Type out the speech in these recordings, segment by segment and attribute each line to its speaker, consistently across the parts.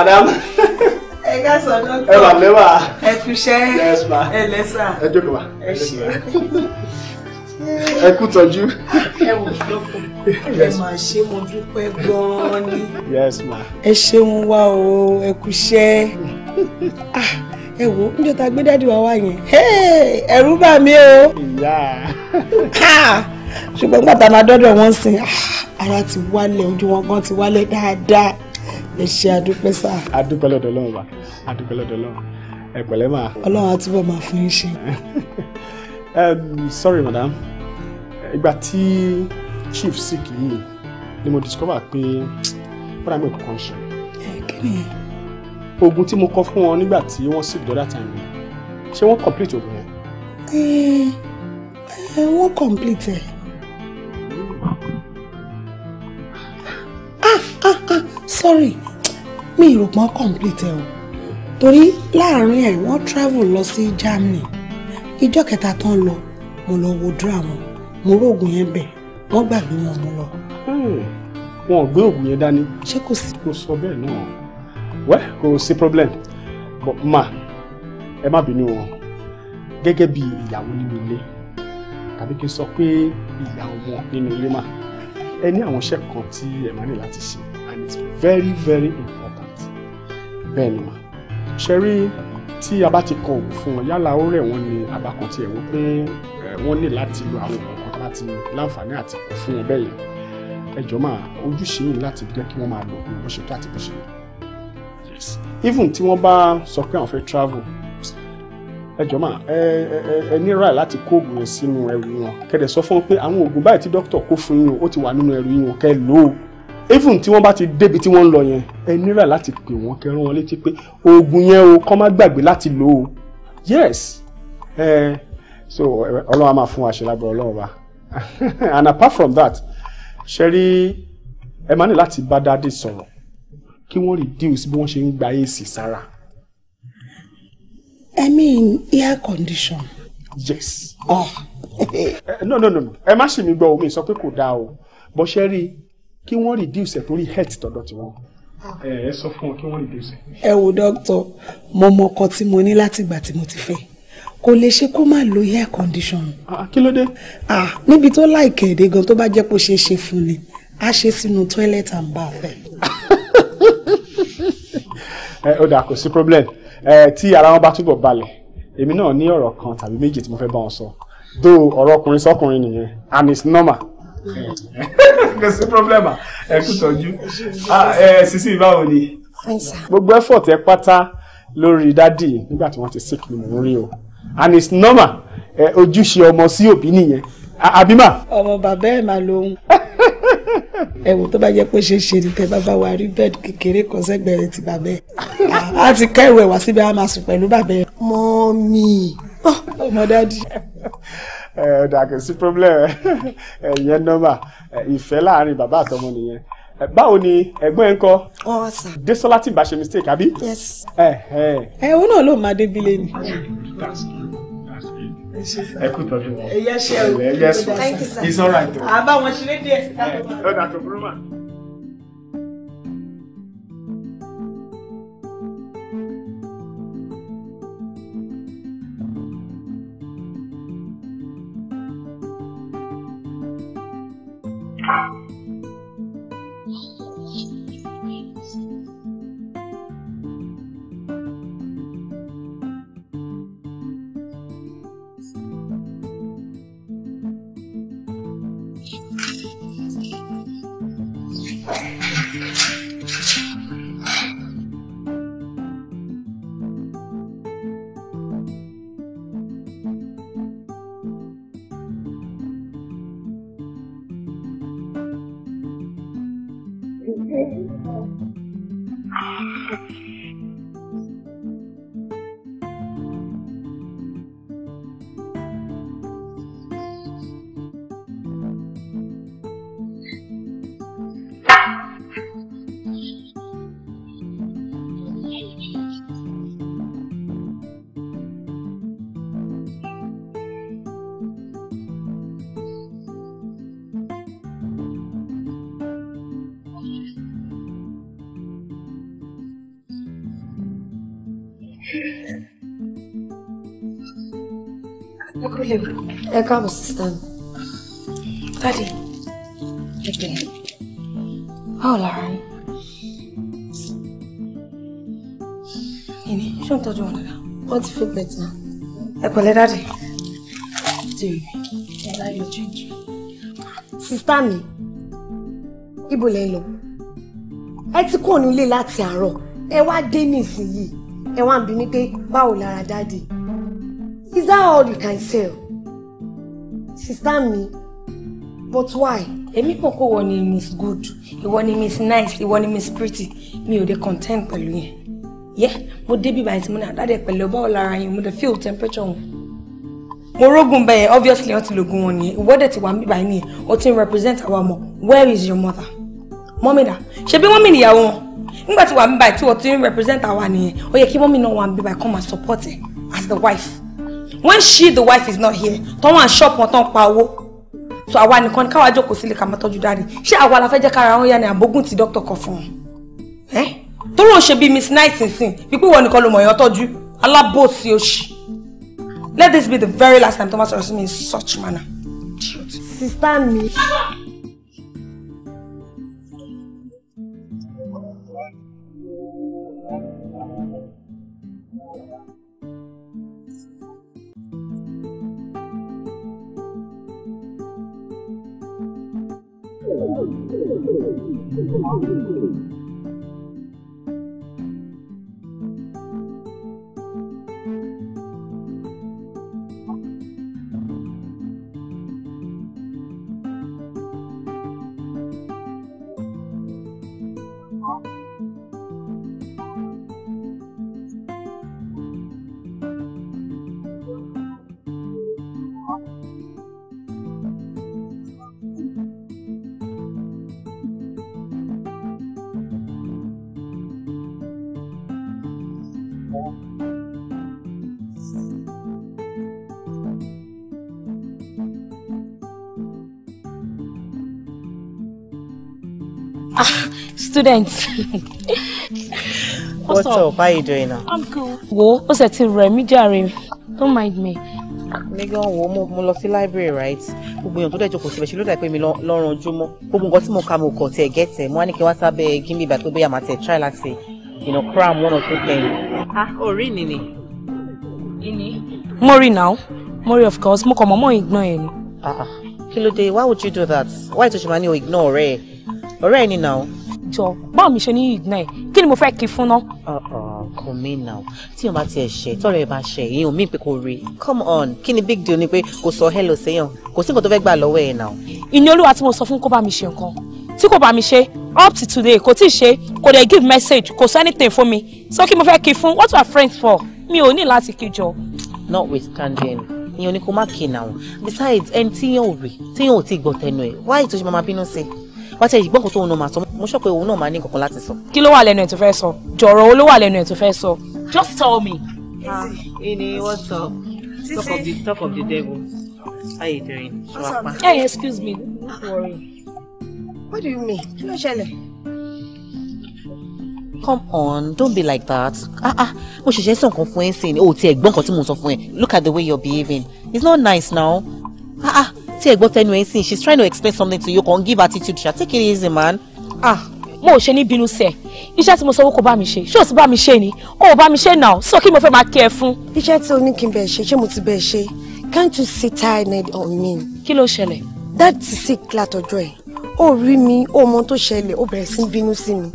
Speaker 1: madam
Speaker 2: ẹ ká sọ dọ́kítọ̀ ẹ wà lẹ́wà
Speaker 1: ẹ kúṣẹ́ ẹ lẹ́sà ẹ jókòó wa ẹ ṣe ẹ kú tọ́jú.
Speaker 2: ẹ wò lọ́kọ̀ ẹ máa ṣe mo dúpẹ́ gan ni. ẹ ṣeun wá o ẹ kúṣẹ́ ah, ẹ wo níjọ́ tá a gbé dádì wá wá yẹn ẹ̀rù bà mí o. ṣùgbọ́n gbàtà máa dọ́dọ̀ wọn sìn ah, ara ti wálẹ̀ ojú wọn gan ti wálẹ̀ dáadáa ẹ ṣe
Speaker 1: àdúpẹ́ sá. àdúpẹ́ lọ́dọ̀ ọlọ́run wa àdúpẹ́ lọ́dọ̀ ọlọ́run ẹ pẹ̀lẹ́ mà. ọlọ́run á túbọ̀ máa fún yín ṣe. sorry madam ìgbà tí chief sick yìí ni mo discover pé bọ́dà mi ò kọ́kọ́ ń ṣe. oògùn tí mo kọ fún wọn nígbà tí wọ́n sick the other time ṣé wọ́n complete oògùn yẹn.
Speaker 2: ẹ ẹ wọ́n complete ẹ̀. Ah, ah, ah, sorry mi ì rò pọ́n complete ẹ o torí láàárín ẹ̀ wọ́n travel lọ sí Germany ìjọ́ kẹta tán lọ mo lọ wo drama mo róògùn yẹn bẹ̀ wọ́n gbàgbé wọn mú lọ. Hmm.
Speaker 1: wọn ò gbé oògùn yẹn dání. ṣé kò sí. kò sọ bẹ́ẹ̀ náà wẹ́ kò sí problem but ma ẹ má bínú wọn gẹ́gẹ́ bí ìyàwó nínú ilé tàbí kí n sọ pé ìyá ọmọ nínú ilé mà ẹ ní àwọn iṣẹ́ kan tí ẹ máa ní láti ṣe and it's very very important bẹ́ẹ̀ ni mà ṣe rí tí a bá ti kọ òògùn fún wọn yálà ó rẹ̀ wọ́n ni àbá kan tiẹ̀ wọ́n pé wọ́n ní láti lo àwọn òògùn kan láti láǹfààní àti kọ fún wọn bẹ́ẹ̀ yẹn ẹjọ́ máa ojúṣe yìí láti jẹ́ kí wọ́n máa lo òògùn bó ṣe tó àti bó ṣe even tí wọ́n bá sọ pé àwọn fẹ́ travel ẹ jọ̀ọ́ mà ẹ ẹ ẹ ní ra láti kó oògùn yẹn sínú ẹrù wọn kẹdẹ sọ fún wọn pé àwọn oògùn báyìí tí dókítà kó fún yín o ó ti wà nínú ẹrù yín wọn kẹ lò ó even tí wọ́n bá ti débi tí wọ́n ń lọ yẹn ẹ nira láti pè wọ́n kẹrán wọn létí pé oògùn yẹn o kọ́ má gbàgbé láti lò ó yes ẹ so ọlọ́run á máa fún wa ṣe wa and apart from that ṣe rí ẹ máa ní láti bá dáadé sọ̀rọ̀ kí wọ́n reduce bí wọ́n ṣe ń gba èsì sára.
Speaker 2: I mean air
Speaker 1: condition. yes. Oh. Eh, no no no ẹ má ṣì mí gbọ́ omi sọ pé kò dáa o bó ṣe rí kí wọ́n reduce ẹ̀ torí health tọ̀dọ̀ tiwọn. Ah. ẹ ẹ sọ fún
Speaker 2: wọn kí wọ́n reduce ẹ. ẹ wo dókítà mo mọ ọkọ tí mo ní látìgbà tí mo ti fẹ́ kò lè ṣe kó má lo air condition. Ah, kí ló dé. Ah, níbi tó láìkẹ́ èdè gan tó bá jẹ́ pé ó ṣeé ṣe fún ni a ṣe sínú toilet and bath.
Speaker 1: ẹ ó dà kò sí problem ẹ tí ara wọn bá túbọ̀ balẹ̀ èmi náà ní ọ̀rọ̀ kan tàbí méjì tí mo fẹ́ bá wọn sọ dó ọ̀rọ̀ ọkùnrin sọ́kùnrin nìyẹn and it's normal kò sí pírọ́blẹ́mà ẹ kú tọ́jú ah, Sisi báwo ni. gbogbo effort ẹ pátá lórí dádì nígbà tí wọ́n ti sick ni mò ń rí o and it's normal ojúṣe ọmọ sí òbí nìyẹn àbímà. ọmọ bàbá ẹ̀ máa lóhun
Speaker 2: ẹ wò tó bá jẹ́ pé ṣe ṣe ni tẹ bàbá wa rí bẹ́ẹ̀dì kékeré kan sẹ́gbẹ̀ẹ́ rẹ̀ ti bàbá ẹ̀ á ti kẹ́ ìwẹ̀ wá síbi á máa sùn pẹ̀lú bàbá
Speaker 1: ọmọ dádì. ẹ ọ̀dà kò sí problem ẹ yẹn nọ́mà ìfẹ́ láàrin bàbá àtọmọ nìyẹn báwo ni ẹ̀gbọ́n ẹ ń kọ. ọ sà. Desola tí bá ṣe mistake àbí. yes. ẹ ẹ.
Speaker 2: ẹ òun náà ló máa débi lé ni.
Speaker 3: ẹ kú tọ́jú wọn.
Speaker 1: ẹ yẹ ṣe o. ẹ yẹ sùn. thank you sir. it's alright o. àbá wọn ṣeré díẹ̀. ó dàtò burúkú.
Speaker 2: ẹ káàbọ̀ sísá mi. okay. Oh, Lauren. báwo lára yín. ìní ṣó ń tọ́jú wọn dáadáa. wọ́n ti fi let Daddy do dádì. jèrè ẹ láyọ̀ jíjì. sísá mi ibo lẹ lọ ẹ ti kúrò nílé láti àárọ̀ ẹ wá dé nísìnyí ẹ wá ń bi mí pé báwo lára dádì is that all you can sell sista mi but why èmi kò kó wọ ni miss good ìwọ ni miss nice ìwọ ni miss pretty mi ò dé content pẹ̀lú yẹn yẹ mo débi báyìí tí mo ní àdáde pẹ̀lú ọba ọ̀lára yẹn mo dé feel temperature wọn mo rógun bẹ́ẹ̀ obviously wọ́n ti lògùn wọn nìyẹn ìwọ́dẹ̀ ti wà bíbá nìyẹn o ti ń represent àwa ọmọ where is your mother mọ́mí dà ṣe bí mọ́mí nìyàwó wọn nígbà tí wà bíbá tí wọ́n ti ń represent àwa nìyẹn ó yẹ kí mọ́mí náà wà bíbá kọ́ máa support her as the wife when she the wife is not here tán wà ń ṣọ́ọ̀pù wọn tán pa owó so àwa nìkan ni káwa jókòó sílé ká máa tọ́jú dáàdì ṣé àwa la fẹ́ jẹ́ kára wọn yá ni àbógún ti dókítà kan fún un tó rò ṣe bíi miss night nsìn wípé ìwọ nìkan ló mọ̀ èèyàn tọ́jú alábòsí òṣì let this be the very last time Thomas máa sọ̀rọ̀ in such manner. sister mi.
Speaker 4: I'm going to go to the hospital.
Speaker 2: student. What's, What's up? up? How you doing now? I'm cool. Wo, What's that ti rẹ̀ mí jàre. Don't mind me. Mi gan wo mo mo lọ sí library right? Gbogbo èèyàn tó dẹ̀ jókòó síbẹ̀ ṣe ló dà pé mi lọ́rùn ojúmọ́. Gbogbo nǹkan tí mo kà mo kọ̀ tiẹ̀ gẹ́tẹ̀. Mo wá ní kí wá sábẹ́ gímbì ìgbà tó bẹ́yà máa tẹ̀ try láti you know cram one or two things. Ah, orí oh, ni ni. Ini. Mo rí now. Mo rí of course. Mo kàn mọ́mọ́ ìgbọ́n ẹ̀ ni. Ah. ah. ló Why would you do that? Why tó ṣe máa o ignore ọ̀rẹ́ ẹ̀? now jọ báwo mi ṣe ní ignore kí ni mo fẹ́ kí fún náà. kò mí tí o bá tiẹ̀ ṣe tọrọ ẹ bá ṣe èyí ò mí pé kò rí come on kí ni big deal ni pé kò sọ hello sẹ́yàn kò sí nǹkan tó fẹ́ gbà lọ́wọ́ ẹ̀ nà ó. ìní olúwa tí mo sọ fún kó bá mi ṣe nǹkan tí kò bá mi ṣe up to today kò tí ì ṣe kò dẹ̀ give message kò sọ anything fún mi so kí mo fẹ́ kí fún what are friends for mi ò ní láti kí jọ. notwithstanding ìyẹn ni kò má kí nà besides ẹni tí yẹn ò rí tí yẹn ti gbọ́ tẹnu ẹ̀ why tó ṣe máa bínú sí i wá tẹ ìgbọ́n kan tó òun náà máa sọ mo sọ pé òun náà máa ní kankan láti sọ. kí ló wà lẹ́nu ẹ̀ tó fẹ́ sọ jọ̀rọ̀ wo ló wà lẹ́nu ẹ̀ tó fẹ́ sọ just tell me. ah ini what's up talk of the talk of the devil how you doing. hey excuse me don't worry. what do you mean kí ló ṣẹlẹ̀. Come on, don't be like that. Ah ah, mo ṣẹ̀ṣẹ̀ sọ nǹkan fún ẹ sìn. O ti ẹ̀gbọ́n nǹkan tí mo sọ fún ẹ. Look at the way you're behaving. It's not nice now. Ah ah, tí ẹ̀gbọ́n tẹnu ẹ̀ ń sìn she's trying to explain something to you kàn give attitude ṣá take it easy man. ah mo ò ṣe ní bínú sẹ iṣẹ́ tí mo sanwó kò bá mi ṣe ṣé o ti bá mi ṣe ni o ò bá mi ṣe náà so kí mo fẹ́ máa kí ẹ fún. iṣẹ́ tí o ní kí n bẹ̀ ṣe ṣé mo ti bẹ̀ ṣe can't you see tired on me. kí ló ṣẹlẹ̀. that sick látọjọ́ ẹ̀ ó rí mi ó mọ tó ṣẹlẹ̀ ó bẹ̀rẹ̀ sí bínú sí mi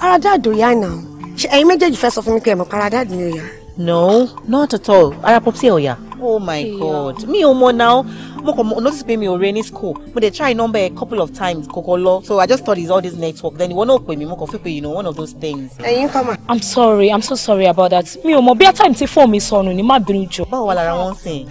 Speaker 2: ara dáàdò yá náà ṣe ẹ̀yin méjèèjì fẹ́ sọ fún mi pé ẹ̀ mọ̀ para dáàdì no not at all ara pop sí ẹ̀ oh my yeah. god me Omo now mo kàn notice pé mi ò re ní school mo dey try number a couple of times kọ́kọ́ so i just thought it's all this network then ìwọ náà pè mí mo kàn fi pé you know one of those things. ẹyin kọ́ ma. i'm sorry i'm so sorry about that mi Omo, mọ̀ bí a time ti fóònù mi sọnù ni má bínú jọ. báwo wà lára wọn sìn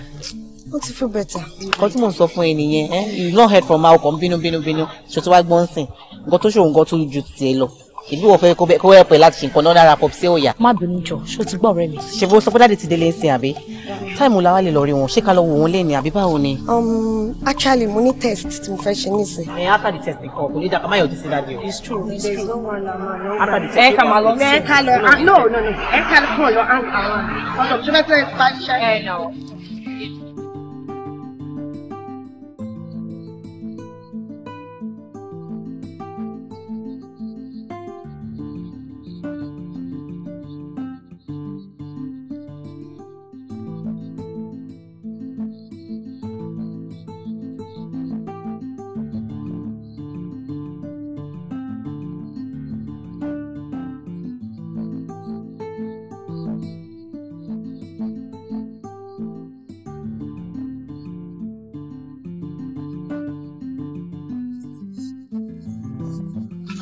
Speaker 2: ó ti feel better. nǹkan tí mò sọ fún ẹ nìyẹn eh? you no heard from her ọkàn bínú bínú bínú ṣètò wá gbọ́n sìn nǹkan tó ṣòwò nǹkan tó ju tiẹ̀ lọ ìbí wọ́n fẹ́ kó bẹ kó wẹ́ pẹ̀ láti ṣe nǹkan náà lára pọ̀ sí òòyà. má bínú jọ ṣó ti gbọ́ ọ̀rẹ́ mi. ṣe bó sọ pé dáàdi ti délé ẹsìn àbí táìmù làwa lè lọ rí wọn ṣé ká lọ wò wọn lẹ́ni àbí báwo ni. Um, actually mo ní test tí mo fẹ́ ṣe nísìn. ẹ after the test nìkan kò ní dàkà má yọjú sí dáàdi o. it's true it's true. after the test ẹ kà máa lọ sí. ẹ kà lọ ah, no no no ẹ kà lọ kúrò lọ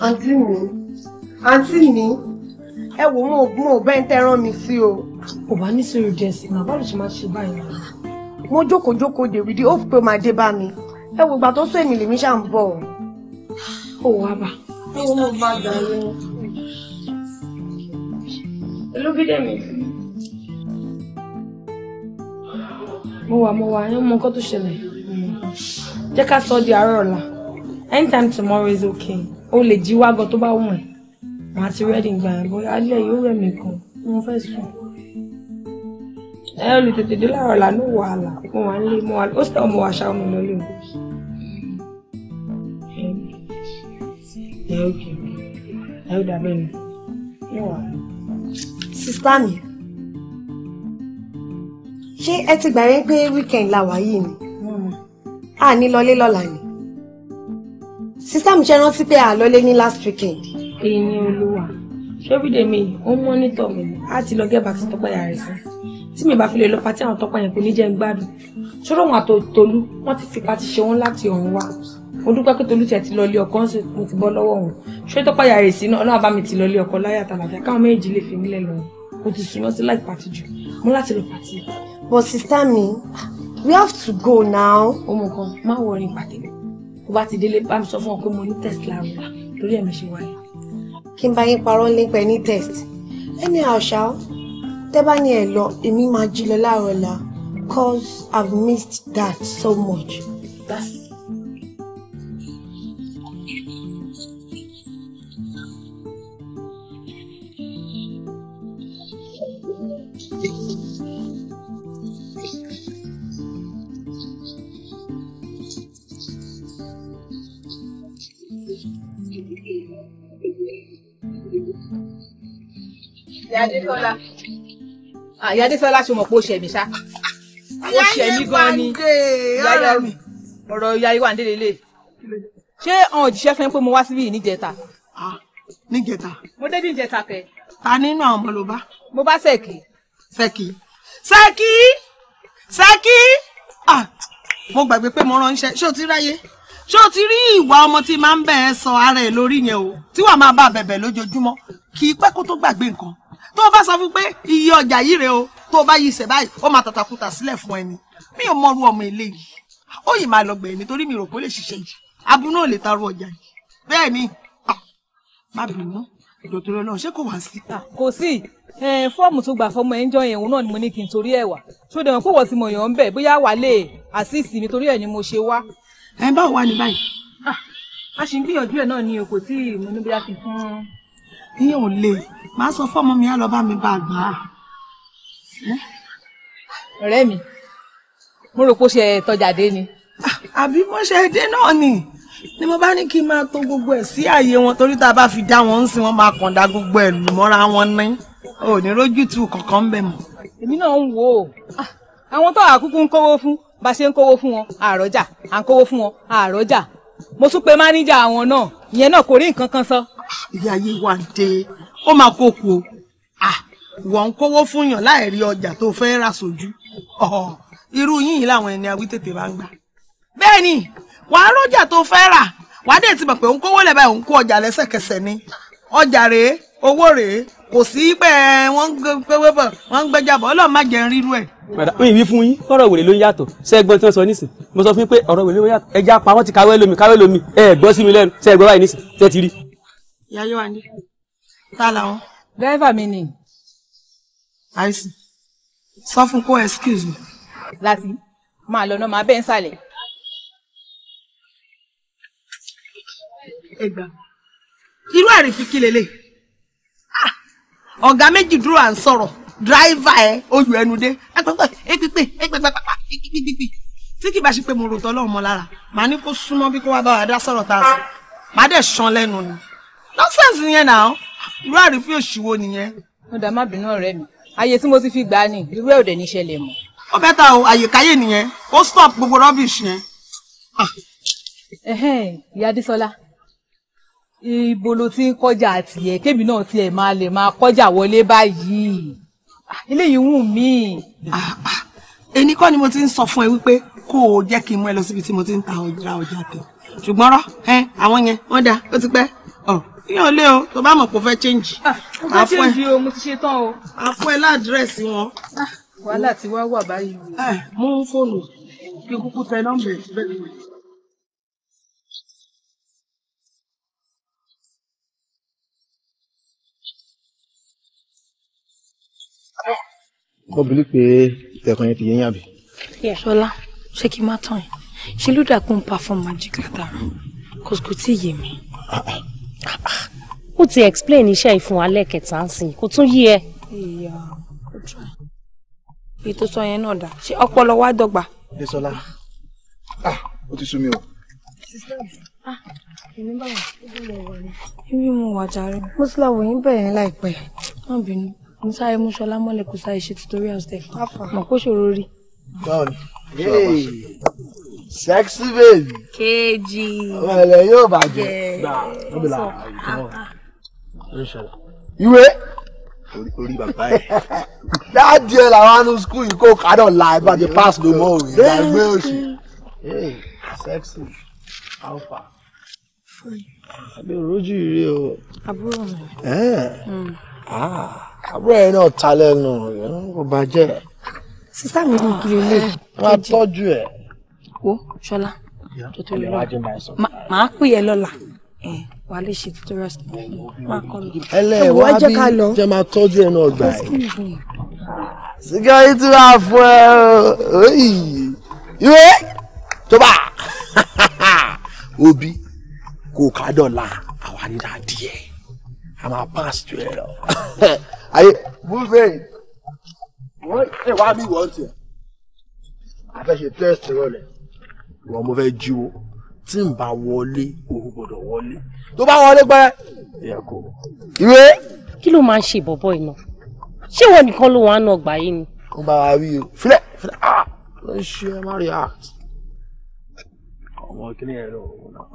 Speaker 2: àǹtí mi àǹtí mi ẹ wò mo mo bẹ́ẹ̀ ń tẹ́ràn mi sí o. kò bá ní sùúrù díẹ̀ sí màá bá lè ṣe máa ṣe báyìí. mo jókòó jókòó dè wídi ó fi pé máa dé bá mi ẹ wò ìgbà tó sọ èmi lèmi ṣà ń bọ̀. ó wá bá. ẹ wò mo bá dàrú. olúbídé mi. mo wà mo wà ẹ mọ nǹkan tó ṣẹlẹ̀ jẹ́ ká sọ di àárọ̀ ọ̀la anytime tomorrow is okay o lè jí wá gan tó bá wù ẹ́ màá ti rẹ́dí gbà yẹn bóyá alẹ́ yóò rẹ̀ mí kan mo fẹ́ sùn. ẹ olùtètè dé láàárọ̀ lánàá wàhálà mo wà ń lé mo wà ó sì tẹ́ ọmọ wa ṣá ọmọ lọ́lẹ́ o. ẹ ó kì í ẹ ó dàbẹ́ mi ní wàhálà. sista mi ṣé ẹ ti gbà yẹn pé weekend la wà yìí ni a ní lọlé lọ́la ni sísá mi ṣe rántí pé àlọ́lé ní last weekend. èyí olúwa ṣọ́bídèmí ó ń mọ́nítọ̀ mi láti lọ gẹ́bà sí tọ́pẹ́ yàrá sí tí mi bá fi lè lọ patí àwọn tọ́pẹ́ yẹn kò ní jẹ́ ń gbádùn ṣọ́rọ́ wọn àtòtòlú wọ́n ti fi patí ṣe wọ́n láti ọ̀run wá mo dúpẹ́ pé tolú tiẹ̀ ti lọ ilé ọkọ ń sì mo ti bọ́ lọ́wọ́ òun ṣé tọ́pẹ́ yàrá sí náà ọlọ́wà bá mi ti lọ ilé ọkọ láyà tàlàfẹ́ káwọn méjì lè fi mílẹ̀ lọ kò ti sùn lọ́sí láì pàtí jù mo láti lọ pàtí. but sister mi we have to go now. ọmọ kan má wọrin pàtẹ́lẹ̀ bá ti délé bá mi sọ fún ọ pé mo ní test láàrú lórí ẹ̀mí ṣe wáyé. kí n bá yín parọ́ nípa ẹ ní test ẹni àṣà tẹ́ bá ẹ lọ èmi máa jí lọ láàárọ̀ la cause I've missed that so much. that's Yadétọ́lá. Ah, Yadétọ́lá ṣe mọ̀ pé ó ṣe mí ṣá. Ó ṣe mí gan ni. Yáyá ah. mi. Ọ̀rọ̀ Yáyá wà nílé lè. Ṣé ọ̀n òjíṣẹ́ fẹ́ pé mo wá síbí níjẹta? Ah, níjẹta. Mo dé níjẹta kẹ. Ta nínú àwọn ọmọ ló bá? Mo bá Ṣẹ́kì. Ṣẹ́kì. Ṣẹ́kì. Ṣẹ́kì. Mo gbàgbé pé mo ránṣẹ́. Ṣé o ti ráyé? ṣé o ti rí ìwà ọmọ tí máa ń bẹ̀ ẹ́ sọ ara ẹ̀ lórí yẹn o tí wàá máa bá bẹ̀bẹ̀ lójoojúmọ́ kì í pẹ́ kó tó gbàgbé nǹkan tó o bá sọ fún pé iye ọjà yìí rèé o tó o bá yí ìṣẹ̀ báyìí ó máa tàtàkùtà sílẹ̀ fún ẹni mi ò mọrú ọmọ eléyìí ó yìí máa lọ gbẹ̀yìn nítorí mi rò pé ó lè ṣiṣẹ́ yìí abu náà lè taru ọjà yìí bẹ́ẹ̀ ni ah, má bínú ìdòtòrò náà ṣé kò wá sí. Ah, kò sí fọ́ọ̀mù tó gbà fọmọ ẹ̀ ń jọ yẹn òun náà ni mo ní kí n torí ẹ̀ wá tó dẹ̀ wọ́n pé wọ́n ti mọ̀ yàn ń bóyá wà lè àṣìṣì mi torí ẹ̀ ni mo ṣe wá. ẹ báwo wá ní báyìí. Ah, a ṣì ń gbìyànjú ẹ náà ni o kò tí ì mú níbi a ti fún ìyẹn ò le màá sọ fọmọ mi á lọ bá mi bá a gbà á. ọ̀rẹ́ mi mo rò pé ó ṣe tọ́jà dé ni. àbí mo ṣe dé náà ni ni mo bá ní kí n máa tò gbogbo ẹ̀ sí àyè wọn torí tá a bá fi dá wọn ń sin wọn máa kàn dá gbogbo ẹ̀ lù mọ́ra wọn ní ò ní rójútu kankan ń bẹ̀ mọ́. èmi náà ń wò ó ah, àwọn tó àkúkú ń kówó fún bá ṣe ń kówó fún wọn àròjà à ń kówó fún wọn àròjà mo tún pe máníjà àwọn náà ìyẹn náà kò rí nǹkan kan sọ ilé ayé wà ń dé ó máa kó kú o wọ́n ń kówó fún yàn láìrí ọjà tó fẹ́ rà sójú irú yìnyín làwọn ẹni awí tètè máa ń gbà bẹ́ẹ̀ ni wàá rọ́jà tó fẹ́ rà wàá dé ti mọ̀ pé òun kówó lẹ̀ báyìí òun kó ọjà lẹ́sẹ̀kẹsẹ̀ ni ọjà rèé owó rèé kò sí pé wọ́n ń gbẹ́wé bọ̀ wọ́n ń gbẹ́jà bọ̀ ọlọ́run má jẹ́ ń rírú ẹ̀.
Speaker 1: padà ń ìwí fún yín ọ̀rọ̀ wèrè ló ń yàtọ̀ ṣé ẹ tí wọ́n sọ nísìn mo sọ fún yín pé ọ̀rọ̀ wèrè ló ń yàtọ̀ ẹja pa wọ́n ti káwé lómi káwé lómi ẹ gbọ́ sí mi lẹ́nu ṣé ẹ gbọ́ báyìí nísìn ṣé ti rí i
Speaker 2: Yayo yóò wá ní. ta làwọn. dẹ́rẹ́fà mi ni. àìsàn sọ fún kó excuse me. láti máa lọ náà máa bẹ́ẹ̀ ń sàlẹ̀. ẹ gbà irú àrífi kí lélẹ̀ ah! ọ̀gá méjì dúró à ń sọ̀rọ̀ dráìvà ẹ oyù ẹnu dé ẹgbẹgbẹ ẹgbẹgbẹ ẹgbẹgbẹ pápá gbígbígbí tí kì bá ṣe pé mo rò tọ́lọ́ ọmọ lára màá ní kó súnmọ́ bí kó wá bá wa dá sọ̀rọ̀ tá a sọ màá dẹ̀ ṣan lẹ́nu ni nọ́sẹ̀sì yẹn náà irú àrífín òṣìwò nìyẹn. mo dá má bínú ọ̀rẹ́ mi ààyè tí mo ti fi gbà á ní irú ẹ̀ ò dẹ̀ ní ṣẹlẹ̀ mọ́. ó bẹ́ ta o àyèkáyè nìyẹn ó stop gbogbo rubbish yẹn. Ah. ìyá Adésọlá ibo ló ti ń kọjá tiẹ̀ kébì náà tiẹ̀ máa lè máa kọjá wọlé báyìí ah, eléyìí wù mí. ẹni ah, kọ́ ni mo ti ń sọ fún ẹ wípé kó o jẹ́ kí n mú ẹ lọ síbi tí mo ti ń ta ọjà ọjà tẹ̀ ṣùgbọ́n rọ́ àwọn yẹn wọ́n dáa ó ti pẹ́ yóò lé o tó bá mọ̀ pé o fẹ́ chẹ́ǹjì. Ah, mo fẹ́ chẹ́ǹjì o mo ti ṣe tán o. àfọ ẹ ládírẹ́sì wọn. Ah, wàhálà ti wá wà báyìí o. Eh, mú fóònù kí kúkú tẹ nọ́mbà ẹ̀ bẹ́ẹ̀ ni.
Speaker 5: mo pé ìtẹ̀kùn yẹn ti yé yàn bí.
Speaker 2: ṣọlá ṣé kí n má tán yìí ṣe ló dà pé ń pa fún magic látara kò kò tí ì yé mi. Ah, ó ti explain iṣẹ́ ìfún wa lẹ́ẹ̀kẹta sí kò tún yí ẹ. èyí tó sọ yẹn náà dá ṣé ọpọlọ wa dọ́gba.
Speaker 5: Desola ah ó ti sú mi o.
Speaker 2: Ah, èmi mo wà jàre. mo ti lọ wò yín bẹ̀rẹ̀ láìpẹ́ má bínú mo sáré mú ṣọlá mọ́lẹ̀ kó sáré ṣe tutorials tẹ̀ mọ̀ kó ṣòro rí.
Speaker 5: báwo ni sexy baby.
Speaker 2: kejì.
Speaker 5: ọmọ ẹlẹ yóò bàjẹ́. Ah, ìwé. orí bàbá ẹ. dáàdì ẹ làwọn anú skul yìí kò kádọ̀ la ẹ bá ti pass ló mọ òwe ìgbàgbé òsì.
Speaker 1: sexy alpha.
Speaker 5: àbí rojú ire o. àbúrò mi. Eh. Hmm. Ah, àbúrò ẹ náà ta lẹ́nu kò bàjẹ́.
Speaker 2: sísá mi ní ìpínlẹ̀. wọ́n á tọ́jú ẹ̀ wo ṣọlá tuntun lọ máa pè ẹ lọ́la wà lè ṣe tutorial máa kọ lọ. ẹlẹ́wàá bí jẹ́ máa tọ́jú ẹnu ọgbà yìí
Speaker 3: security wa fún ẹ oyi ìwé tó
Speaker 5: obi kò ká dọ̀la àwa ní adìẹ a máa pass ju ẹ lọ. ayé wolverine wọ́n ṣe wá bí wọ́n ti ẹ̀ àfẹ́ṣe test rọlẹ̀ ìwọ mo fẹ́ jí o tí n bá wọlé o gbọ́dọ̀ wọlé
Speaker 2: tó bá wọlé pẹ́ ẹ̀yà kò. ìwé. kí ló máa ń ṣe bọ̀bọ̀ iná ṣé ìwọ nìkan ló wà á gbà yín ni. ó bá wa wí o filẹ filẹ a ah! ló ń
Speaker 5: ṣe ẹ má rí a. Ah. ọmọ kìnìún yẹn lọ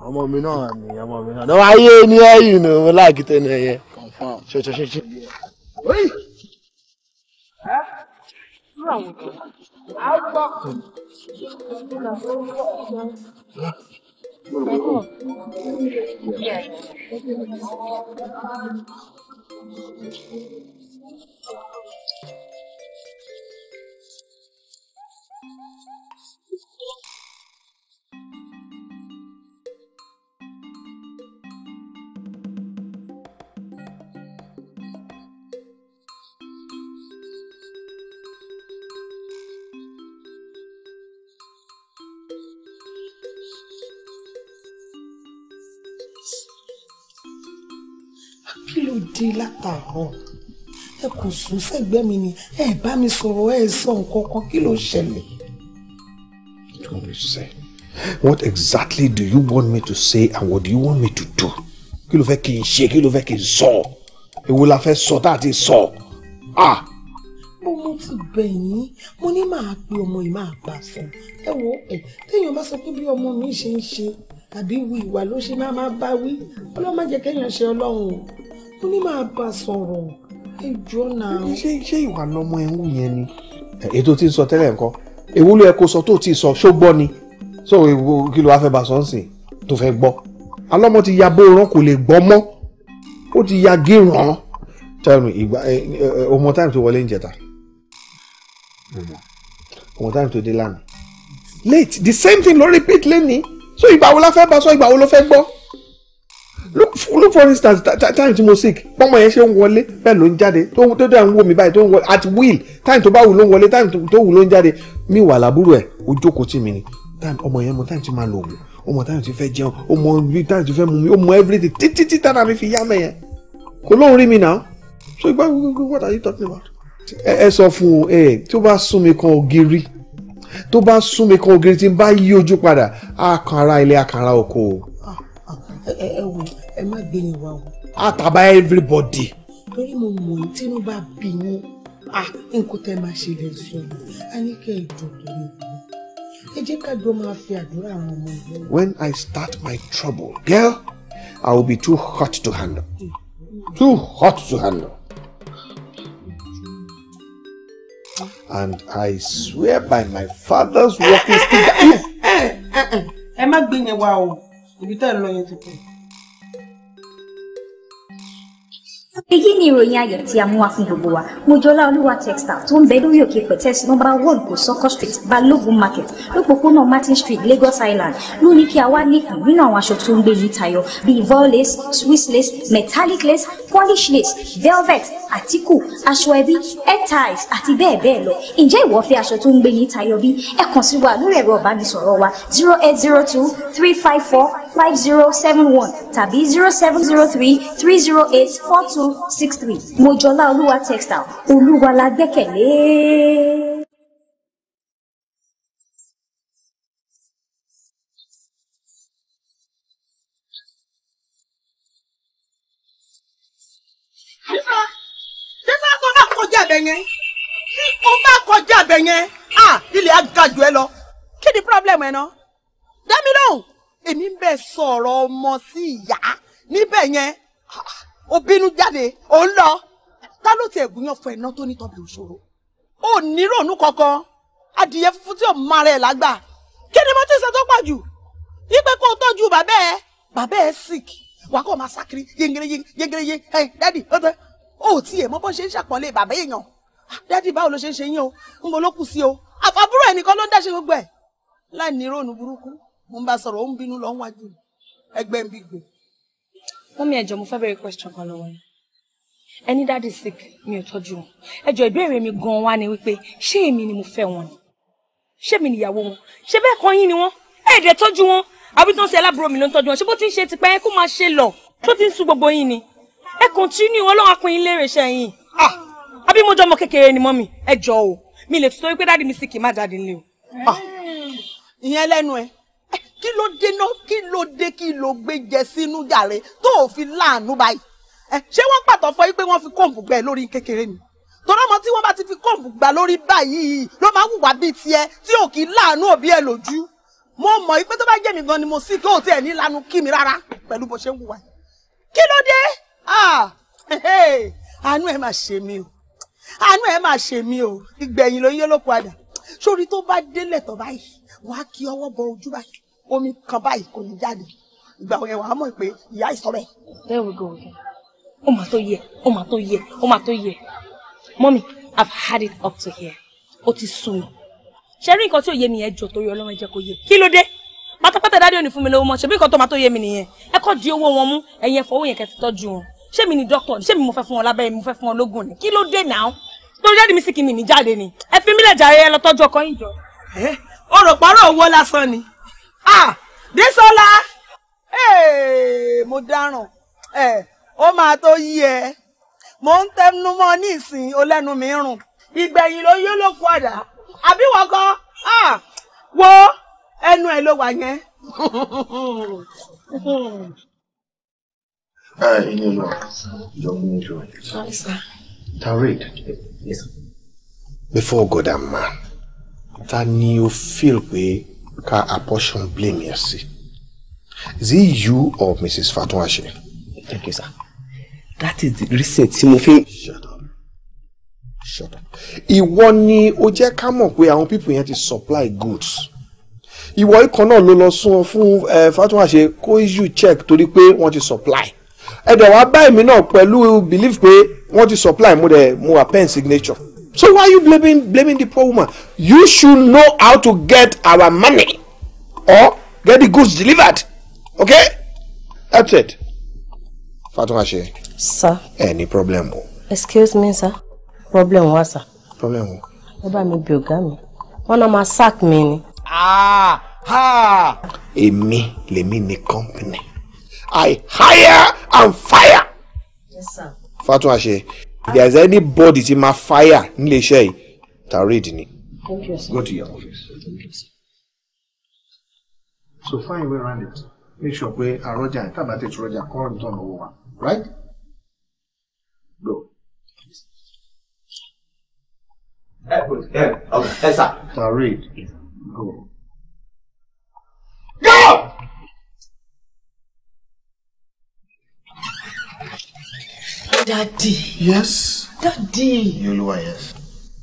Speaker 5: ọmọ mi náà ni ọmọ mi náà lọ́wọ́ ayé ni ẹ yìí ni mo láàgì tẹ́nu ẹ yẹn. ṣe ṣe ṣe ṣe. 啊！
Speaker 4: 我。
Speaker 2: kí ló dé látàárọ̀ ẹ kò sùn sẹ́gbẹ́ mi ni ẹ bá mi sọ̀rọ̀ ẹ sọ nǹkan kan kí ló ṣẹlẹ̀.
Speaker 5: what exactly do you want me to say and what do you want me to do kí ló fẹ́ kí n ṣe kí ló fẹ́ kí n sọ èwo la fẹ́ sọ tá a ti sọ ah
Speaker 2: bó mo ti bẹ̀ yín mo ní màá pe ọmọ yìí máa gbà fún ẹ wo ẹ téèyàn bá sọ pé bí ọmọ mi ṣe ń ṣe àbí wu ìwà ló ṣe máa máa bá wí ọlọ́run jẹ́ kéèyàn ṣe ọlọ́run o mo ní máa bá a sọ̀rọ̀ ẹ jọ náà. ṣé
Speaker 5: ṣé ìwà lọmọ ẹ ń wù yẹn ni. ètò tí ń sọ tẹ́lẹ̀ nǹkan èwúlò ẹ kò sọ tó ti sọ ṣó gbọ́ ni so èwo kí ló wá fẹ́ bá sọ ń sìn tó fẹ́ gbọ́ alọ́mọ ti ya bóoran kò lè gbọ́ mọ́ ó ti ya gíràn. tell me ìgbà ọmọ táìmù tó wọlé ń jẹta ọmọ táìmù tó dé lánàá late the same thing ló repeat lẹ́ni so ìgbà wo la fẹ́ bá sọ ìgbà wo ló fẹ́ gbọ́ look look for instance time tí mo sick pọ́nmọ yẹn ṣe ń wọlé bẹ́ẹ̀ ló ń jáde tó dà ń wò mí báyìí tó ń wọlé at will time tó bá wù ló ń wọlé time tó wù ló ń jáde mi wà lábúrò ẹ̀ ó jókòó tì mí ni time ọmọ yẹn mo time tí máa lò wò ó mọ time tí fẹ́ jẹun ó mọ time tí fẹ́ mu mi ó everything títí tí tára mi fi yá mẹ́yẹn kò lóun rí mi náà so ìgbà what are you talking about. ẹ sọ fún o ẹ tí ó bá sún mi kan ògiri tó bá sún mi kan ògiri tí n bá yí ojú padà á kan ara ilé á kan ara oko o
Speaker 2: ẹ wò ẹ má gbé yín wá o.
Speaker 5: àtàbá everybody.
Speaker 2: torí mo mọ̀ yín tínú bá bí yín nǹkan tẹ́ máa ṣe lè sọ a ní kẹ́ ẹ jọ torí ìlú ẹ jẹ́ ká jọ máa fi àdúrà àwọn ọmọ ìlú. when
Speaker 5: i start my trouble girl i will be too hot to handle too hot to handle. and I swear by my father's
Speaker 2: walking stick. Ẹ má gbé yẹn wá o ibi tẹ́ ẹ lọ èyí ni ìròyìn ayọ̀ tí a mú wá fún gbogbo wa mojola olúwa textile tó ń bẹ lórí òkè pẹ̀tẹ́sì nọ́mbà one kò sọ́kọ́ street balógun market lópòpónà martin street lagos island ló ní kí a wá níkùn nínú àwọn aṣọ tó ń gbé yìí tayọ bíi volace swiss lace metallic lace polish lace velvet àtíkù aṣọ ẹbí headties àti bẹ́ẹ̀ bẹ́ẹ̀ lọ ǹjẹ́ ìwọ fẹ́ aṣọ tó ń gbé yìí tayọ bí ẹ kàn sí wa lórí ẹ̀rọ ìbánisọ̀rọ̀ wa zero eight zero two three five four five zero seven one tàbí zero seven zero three three zero eight four two six three mojọlá olúwa textile olúwa la gbẹ́kẹ̀lé. fífa tó bá kọjá abẹ yẹn tó bá kọjá abẹ yẹn ah ilé agajù ẹ lọ kí ni problem ẹ náà dámi lóhùn èmi ń bẹ sọ̀rọ̀ ọmọ sí ìyá níbẹ̀ yẹn ó bínú jáde ó ń lọ ta ló ti ẹ̀gúnyàn fún ẹ̀ná tó nítọ́bi òṣòro ó ní rònú kankan adìyẹ funfun tí ò máa rẹ̀ lágbà kí ni mo ti ṣe tó pọ̀ jù wípé kó o tọ́jú bàbá ẹ bàbá ẹ sick wàá kọ́ máa sákiri yengere yengere yeng ẹ dádì ó tẹ ó tì ẹ mọ́ bó ṣe ń ṣàpọ́nlé bàbá èèyàn ah, dádì báwo ló ṣe ń ṣe yín o ń bo ló kù sí o àfàbúrò ẹnìkan ló ń dá ṣe gbogbo ẹ̀ láì ní rònú burúkú mo ń bá sọ̀rọ̀ ó ń bínú lọ́ ń wájú ẹgbẹ́ ń bí gbò mọ́mí ẹ̀jọ̀ mo fẹ́ bẹ̀rẹ̀ question kan lọ́wọ́ yín ẹni sick mi ò tọ́jú wọn ẹ̀jọ̀ ìbéèrè mi gan-an wá ni wípé ṣé èmi ni mo fẹ́ wọn ni ṣé èmi nìyàwó wọn ni wọ́n ẹ̀ẹ́dẹ̀ tọ́jú wọn àbí tó ń ṣe aláàbúrò mi ló ń tọ́jú wọn ṣé bó ti ń ṣe tipẹ́ yẹn kó máa ṣe lọ tó ti ń sú gbogbo yín ni ẹ continue ọlọ́run apin ilé ìrẹsẹ̀ yín ah! àbí mo jọmọ kékeré ni mọ́mì ẹ̀jọ̀ o mi lè tó torí pé sick má jáde nílé o. Ah! ìyẹn lẹ́nu kí ló dé náà kí ló dé kí ló gbé jẹ sínú jàre tó o fi láàánú báyìí ẹ ṣé wọ́n pàtó fọ yí pé wọ́n fi kóǹpù gbẹ lórí kékeré ni torí ọmọ tí wọ́n bá ti fi kóǹpù gbà lórí báyìí ló máa wùwà bíi tiẹ̀ tí ò kì í láàánú òbí ẹ lójú mo mọ̀ yí pé tó bá jẹ́ mi gan ni mo sì kí òun tiẹ̀ ní lanu kí mi rárá pẹ̀lú bó ṣe wùwà yìí kí ló dé ah, àánú ẹ máa ṣe mí o àánú ẹ máa ṣe mí o ìgbẹ̀yìn ló yẹ ló padà sórí tó bá délẹ̀ tó báyìí wàá kí ọwọ́ bọ ojú báyìí omi kan báyìí kò ní jáde ìgbà yẹn wàá mọ̀ pé ìyá ìsọ̀rọ̀ there we go again ó mà tó yẹ ó mà tó yẹ ó mà tó yẹ mọ́mí i've had it up to here ó ti sú mi ṣe rí nǹkan tí ò yé mi yẹn jọ torí ọlọ́run ẹ jẹ́ kó yé kí ló dé pátápátá dáadé òní fún mi lówó mọ ṣebí nǹkan tó máa tó yé mi nìyẹn ẹ kọ́ di owó wọn mú ẹ̀yin ẹ̀fọ́ yẹn kẹ́ tọ́jú wọn ṣé mi ni dókítà ṣé mi mo fẹ́ fún wọn lábẹ́rẹ́ mo fẹ́ fún wọn lógún ni kí ló dé náà torí jáde mi sì kí mi ní jáde ni ẹ fi mílẹ̀ jàre ẹ lọ tọ́jú ọkọ yín jọ. ẹ ọ̀rọ̀ pàrọ̀ owó lásán ni ah dísọlá mo dáràn ẹ eh, ó máa tó yí ẹ mo ń tẹnu mọ́ ní ìsìn olẹ́nu mi rùn ìgbẹ̀yìn ló yó ló padà àbí wọ́n kan ah, wo ẹnu ẹ ló wà yẹn.
Speaker 5: ẹ ẹyin olùwà jọ mú mi dùn. Tarid. Before God and man, ta ni o feel pé. Pe ká apportion blame yẹn sí is it you or mrs fatunwase. thank you sir that is the reason tí shut up shut up ìwọ ni ó jẹ́ ká our people yẹn to supply goods ìwọ ikàn náà ló lọ sún ọ fún eh, fatunwase kó to check torí pé wọ́n ti supply ẹ̀dẹ̀ wàá bá èmi náà pẹ̀lú belief pé wọ́n ti supply mo dẹ̀ mo append signature So why are you blaming blaming the poor woman? You should know how to get our money or get the goods delivered. Okay? That's it. Fatuma Shey. Sir. Any problem
Speaker 2: Excuse me, sir. Problem what, sir. Problem what? Ẹ bá mi bi ọ̀gá mi. Wọ́n náà máa sack mi ni. Ah!
Speaker 3: Ha!
Speaker 5: Èmi lèmi ni company. I hire and
Speaker 3: fire. Yes, sir.
Speaker 5: Fatuma Shey if there is anybody tí máa fire nílé iṣẹ́ tarid ni. Thank you, sir. Go to your office. So find a way around it. Make sure pé àrọ́jà ẹ̀ tábà tètè rọ́jà kọ́ return owó wa, right? Go. Ẹ ẹ ẹ sà. Tarid, go. Daddy. Yes. Daddy. Yoluwa, yes.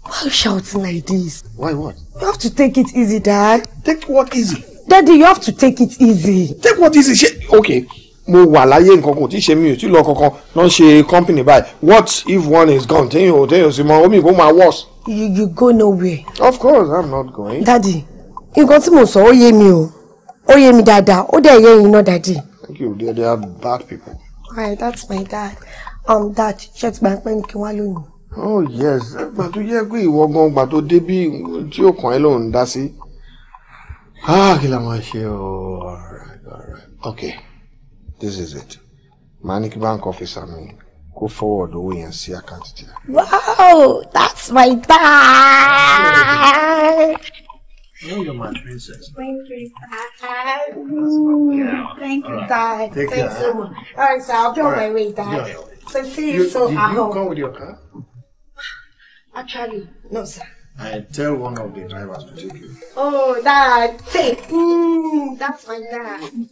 Speaker 5: Why are you shouting like this? Why what? You have to take it easy, Dad.
Speaker 2: Take what easy? Daddy, you have to take it easy.
Speaker 5: Take what easy? Ṣé okay, mo wà láyé nǹkan kò tí ṣe mí ò tí kankan náà ṣe company báyìí. What if one is gone? Téyàn ò téyàn sì mọ omi bo máa worse.
Speaker 2: You you go nowhere. Of course, I'm not going. Daddy, nǹkan tí mo sọ ó yé mi o. Ó yé mi dáadáa, ó dẹ̀ yé yín náà, Daddy.
Speaker 5: Thank you, they, they are bad people.
Speaker 2: Alright, that's my dad um dad ṣe ti gbà pé kí wọ́n lóyún.
Speaker 5: oh yes gbà tó yẹ pé ìwọ gan gbà tó dé bí tí ó kàn ẹ́ lòun ń dá sí. ah kí la máa ṣe o oh, ok this is it màá ní kí bank officer mi kó forward owó yẹn sí àkáǹtì tiẹ̀.
Speaker 2: wow that's my dad. No, you're my
Speaker 5: princess.
Speaker 4: Thank you,
Speaker 2: Dad. Thank you, Dad. Thank you. care. so All right, so I'll be on right. my way, Dad. So see, you, so did you come with your car? Actually, no, sir.
Speaker 5: I tell one of the drivers to take you.
Speaker 2: Oh, that take. Mm, that's my dad.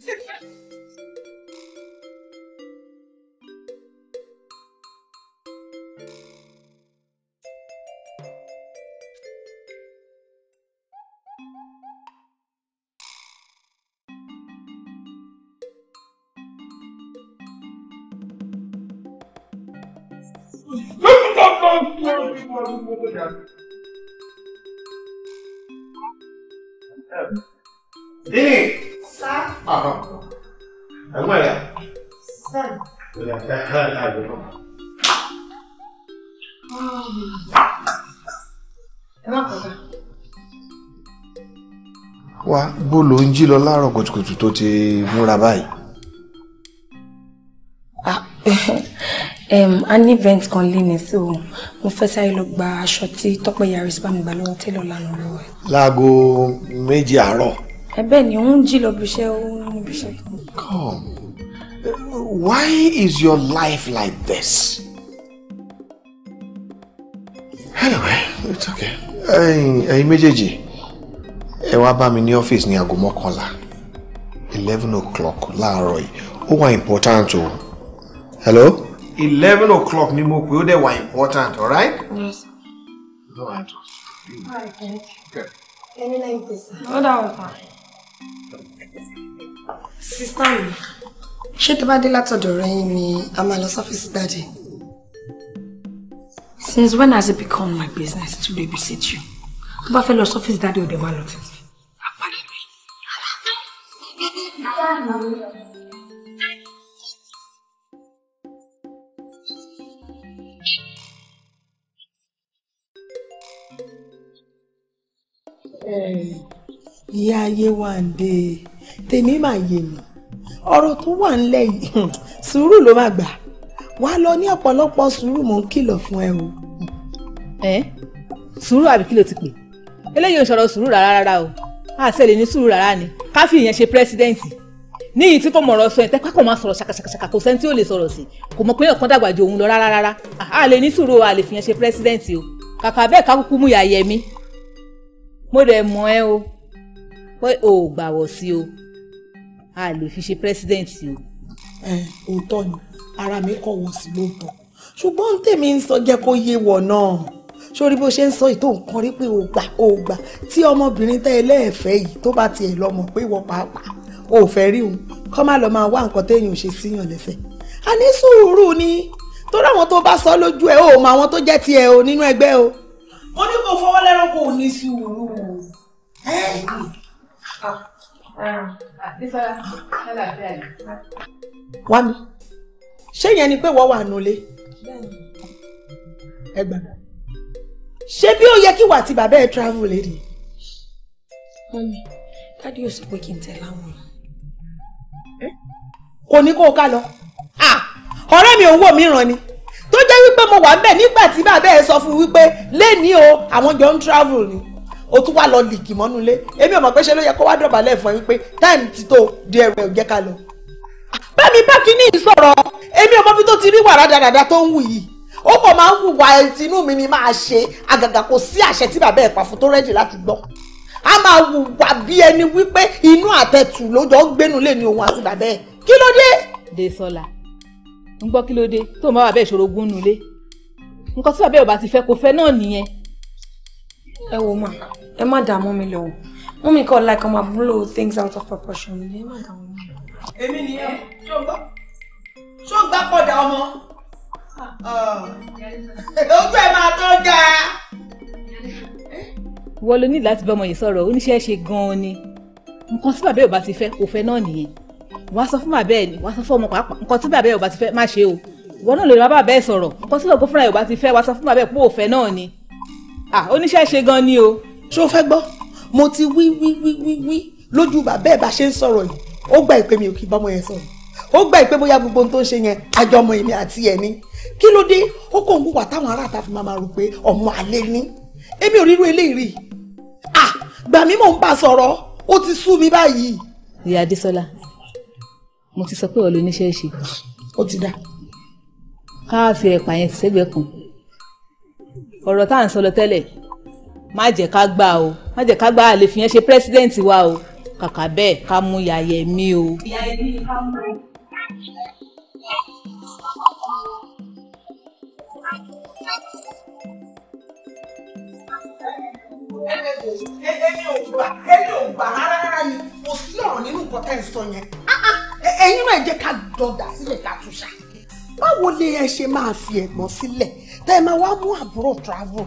Speaker 3: var bu moda geldi. Evet. Dini. Sa.
Speaker 4: Aha. Ama ya. Sa. Ya ya
Speaker 5: bó ló ń jí lọ láàárọ̀ kùtùkùtù tó ti múra báyìí.
Speaker 2: Ah, um, event kan léni so mo fẹ́ sáré lọ gba aṣọ tí tọ́pẹ́ yàrá ìsúpá mi gbà lọ́wọ́ tẹ́lọ̀ lánàá lọ́wọ́ ẹ̀.
Speaker 5: láago méjì
Speaker 2: ẹ bẹ́ẹ̀ ni òun jí lọ bíṣẹ́ òun níbi iṣẹ́.
Speaker 5: come why is your life like this? anyway it's okay. ẹyin méjèèjì ẹ wá bá mi ní ọ́fíìsì ní aago mọ́kànlá eleven o'clock láàárọ̀ yìí ó wà important o. hello eleven o'clock ni mo pè ó dẹ̀ wà important all right.
Speaker 2: yes. all right. all right thank you. Okay. any like this. No dà wọ́n pa. sísá mi ṣé tó bá dé látọ̀dọ̀ rẹ yín ni a máa Since when has it become my business to babysit you? Tó bá fẹ́ lọ sọ́fíìsì dáadé wa lọ tẹ̀sí. Àpàdé ìyá ayé wà ń dé tèmi máa yé mi ọ̀rọ̀ tó wà ńlẹ̀ yìí sùúrù ló máa gbà wá lọ ní ọ̀pọ̀lọpọ̀ sùúrù mò ń kìlọ̀ fún ẹ o. ẹ sùúrù àbí kí ló ti pè eléyìí ò sọ̀rọ̀ sùúrù rárá rárá o a ṣe lè ní sùúrù rárá ni káfí ìyẹn ṣe pírẹ́sídẹ́ǹtì ní ìyí tí kò mọ̀rọ̀ sọ ẹ̀ tẹ́pẹ́ kò máa sọ̀rọ̀ ṣàkàṣàkà kò sẹ́ni tí ò lè sọ̀rọ̀ sí kò mọ̀ pé ọ̀kan dàgbà ju òun lọ rárá rárá a lè ní sùúrù a lè fi yẹn ṣe pírẹ́sídẹ́ǹtì o kàkà bẹ́ẹ̀ ká kúkú mú ìyá yẹmi mo dẹ̀ mọ̀ ẹ́ o pé o ò gbàwọ̀ sí o a lè fi ṣe president o. ẹ òótọ́ ni ara mi kọ̀ wọ́n sí lóòótọ́ ṣùgbọ́n tèmi ń sọ jẹ́ kó yé wọ̀ náà sórí bó ṣe ń sọ ìtò nǹkan rí pé o gbà o gbà tí ọmọbìnrin tẹ́ ẹlẹ́ẹ̀fẹ́ yìí tó bá tiẹ̀ lọ́mọ pé wọ́n pàápàá ò fẹ́ rí òun kọ́ má lọ máa wá nǹkan téèyàn ṣe síyàn lẹ́sẹ̀ a sùúrù ni torí àwọn tó bá sọ lójú ẹ̀ o mọ àwọn tó jẹ́ tiẹ̀ o nínú ẹgbẹ́ o mo ní kò fọwọ́ lẹ́rọ kò ní sùúrù. Ah, ah, wá mi ṣé yẹn ni pé wọ́n wà nulẹ̀ ẹ gbà ṣé bí ó yẹ kí wà tí bàbá ẹ travel lè dì. mọ́mí dádì ò sọ pé kí n tẹ̀ láwọn. kò ní kó o ká lọ ah, ọ̀rẹ́ mi ò wò mí ràn ni tó jẹ́ wípé mo wà ń bẹ̀ nígbà tí bàbá ẹ̀ sọ fún wípé lẹ́ni o àwọn jọ ń travel ni o tún wá lọ lìgì mọ́nú ilé èmi ò mọ̀ pé ṣe ló yẹ kó wá dọ̀bálẹ̀ fún ẹ wípé táìmù ti tó di ẹrù ẹ̀ ò jẹ́ ká lọ. bẹ́ẹ̀ni báàkì ní ìsọ̀rọ̀ èmi ò mọ̀ bí tó ti rí wàrà dáadáa tó ń wù yìí ó kò máa ń wùwà ẹ̀ tinú mi ni máa ṣe àgàgà kò sí àṣẹ tí bàbá ẹ̀ pa fún tó rẹ́jì láti gbọ́ a máa wùwà bí ẹni wípé inú àtẹ̀tù ló gbénu lé ní òun àti bàbá ẹ̀ kí ló dé. Désọlá ń gbọ́ kí ló dé tó ń bá bàbá ìṣòro gún nulẹ̀ nǹkan tí bàbá ìbá ti fẹ́ kò fẹ́ náà nìyẹn. ẹ wo ma ẹ má dààmú mi lọ mú mi kọ like ọmọ blow things out of proportion ẹ má dààmú mi. èmi nìyẹn ṣó gbá ṣó gbá pọ̀dà ọmọ ojú ẹ máa tó dáa. wọ́n lo ní láti bá ọmọ yìí sọ̀rọ̀ oníṣẹ́ ṣe gan-an ni nǹkan tí bàbá ìbá ti fẹ́ kò fẹ́ náà nìyẹn wàá sọ fún bàbá ẹ ni wàá sọ fún ọmọ pàápàá nǹkan tí bàbá ẹ ò bá ti fẹ́ má ṣe o wọn náà lè bá bàbá ẹ sọ̀rọ̀ nǹkan tí lọgọ fúnra ẹ ò bá ti fẹ́ wàá sọ fún bàbá ẹ pé òfẹ náà ni ah oníṣẹ́ ṣe gan ni o. ṣé o fẹ́ gbọ́ mo ti wí wí wí wí wí lójú bàbá ẹ bá ṣe ń sọ̀rọ̀ yìí ó gbà ìpè mi ò kì í bọ́mọ yẹn sọ̀rọ̀ ó gbà ìpè bóyá gbogbo ohun tó ń ṣe yẹn àjọ ọmọ èmi àti ẹ̀ ni kí ló dé ó kò ń wùwà táwọn aráàta fi máa máa rò pé ọmọ àlè ni èmi ò ríru eléyìí ah gbà mí mò ń bá sọ̀rọ̀ ó ti sú mi báyìí. ìyá Adésọlá mo ti sọ pé wọ́n lo oníṣẹ́ ṣe. ó ti dá. ká fi ẹ̀pà yẹn sẹ́gbẹ̀ẹ́ kan ọ̀rọ̀ tá à ń sọ lọ tẹ́lẹ̀ má jẹ́ ká gbà o má jẹ́ ká gbà á lè fi yẹn ṣe pírẹ́sídẹ̀ǹtì wa o kàkà bẹ́ẹ̀ ká mú yàyẹ mi o. èmi ò gbà èmi ò gbà rárá ni kò sí ọ̀rọ̀ nínú nǹkan tẹ́ ẹ sọ yẹn ẹ̀yin náà jẹ́ ká dọ̀dà sílẹ̀ ká túṣà báwo lè ẹ ṣe máa fi ẹ̀gbọ́n sílẹ̀ tẹ́ ẹ máa wá mú àbúrò travel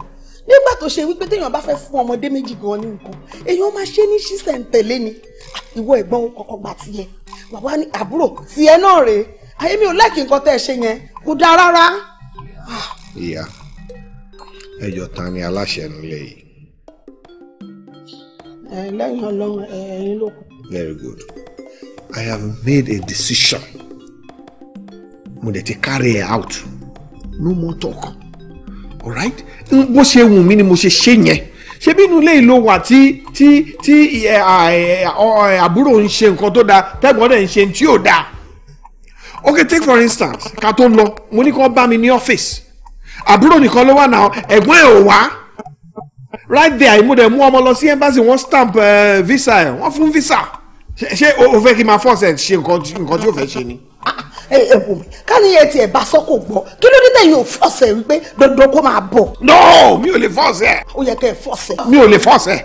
Speaker 2: nígbà tó ṣe wípé téèyàn bá fẹ́ fún ọmọdé méjì gan ní nǹkan èèyàn máa ṣe ní ṣísẹ̀ǹtẹ̀lé ni ah, ìwọ ẹ̀gbọ́n kọ́kọ́ gbà tiẹ̀ bàbá ní àbúrò tiẹ̀ náà rèé ayé mi ò lẹ́kì nǹkan tẹ́ ẹ ṣe yẹn kò dáa rárá.
Speaker 5: Ah. ìyá ẹjọ ta ni aláṣẹ nílé yìí.
Speaker 2: ẹ lẹ́yìn Ọlọ́run ẹ̀yin ló kù.
Speaker 5: very good. I have made a decision. Mo dẹ̀ ti carry her out. No more talk. Alright? Bó ṣe wù mí ni mo ṣe ṣe yẹn. Ṣé bí inú ilé ìlò wà tí tí tí eh, ah, eh, àbúrò ń ṣe nǹkan tó dáa tẹ́gbọ́n dẹ̀ ń ṣe tí ò dáa? Okay, take for instance, ká tó lọ, mo ní kó bá mi ní ọ́fíìsì. Àbúrò nìkan ló wà náà, ẹ̀gbọ́n ẹ̀ ò wá right there ìmúdẹ̀ mú ọmọ lọ sí embassy wọ́n stamp uh, visa ẹ̀ wọ́n fún visa ṣé o fẹ́ kí n máa fọ́ọ̀sẹ̀ ṣe nǹkan tí o fẹ́ ṣe ni. Ah, ah, eh, eh, um, ẹ ẹ wò mí káni ẹ tiẹ̀ bá sọ́kò gbọ́ kí ló dé tẹ̀ yóò fọ́ọ̀sẹ̀ wípé dandan kó máa bọ̀. no mi ò lè fọ́ọ̀sẹ̀. ó yẹ kẹ́ ẹ fọ́ọ̀sẹ̀. mi ò lè fọ́ọ̀sẹ̀.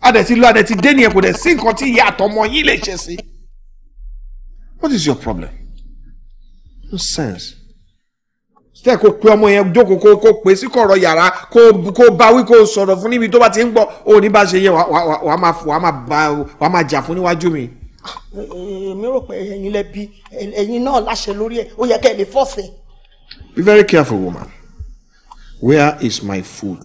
Speaker 5: adẹ̀ ah. ti lọ adẹ̀ ti dé nìyẹn kò dẹ̀ sí nǹkan tí ìyá àtọmọ yín lè ṣe sí. what is your problem? no sense tẹ́ kó pe ọmọ yẹn jókòó kó kó pè sí kọ̀rọ̀ yàrá kó bá wí kó sọ̀rọ̀ fún níbi tó bá ti ń gbọ́ òní bá ṣe yẹ wàá máa wàá máa bá wàá máa jà fún níwájú mi
Speaker 2: èmi rò pé ẹ̀yin lẹ bí náà láṣẹ lórí ẹ ó yẹ kẹ́ ẹ lè fọ́ọ̀sẹ̀.
Speaker 5: be very careful woman where is my food.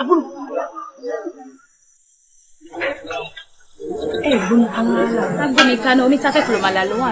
Speaker 2: Àbúrò. Ẹ gbọ́n mi kaná rárá. Ká gbọ́n mi omi tá kúrò màlà ló wà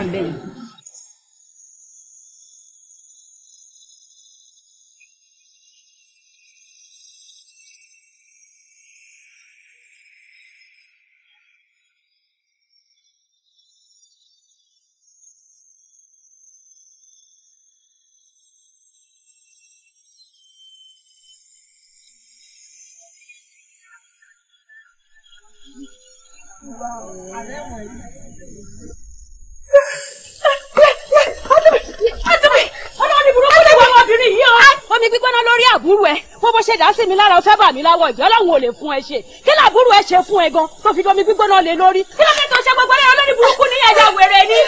Speaker 2: sí mi lára o fẹ́ bà mí láwọ̀ ìjẹ́ ọlọ́run ò lè fún ẹ ṣe kí làbúrò ẹ ṣe fún ẹ gan tó fi domi gbígbóná lé lórí kí ló dé tó ṣe gbogbo rẹ olórí burúkú ní ẹja wèrè ni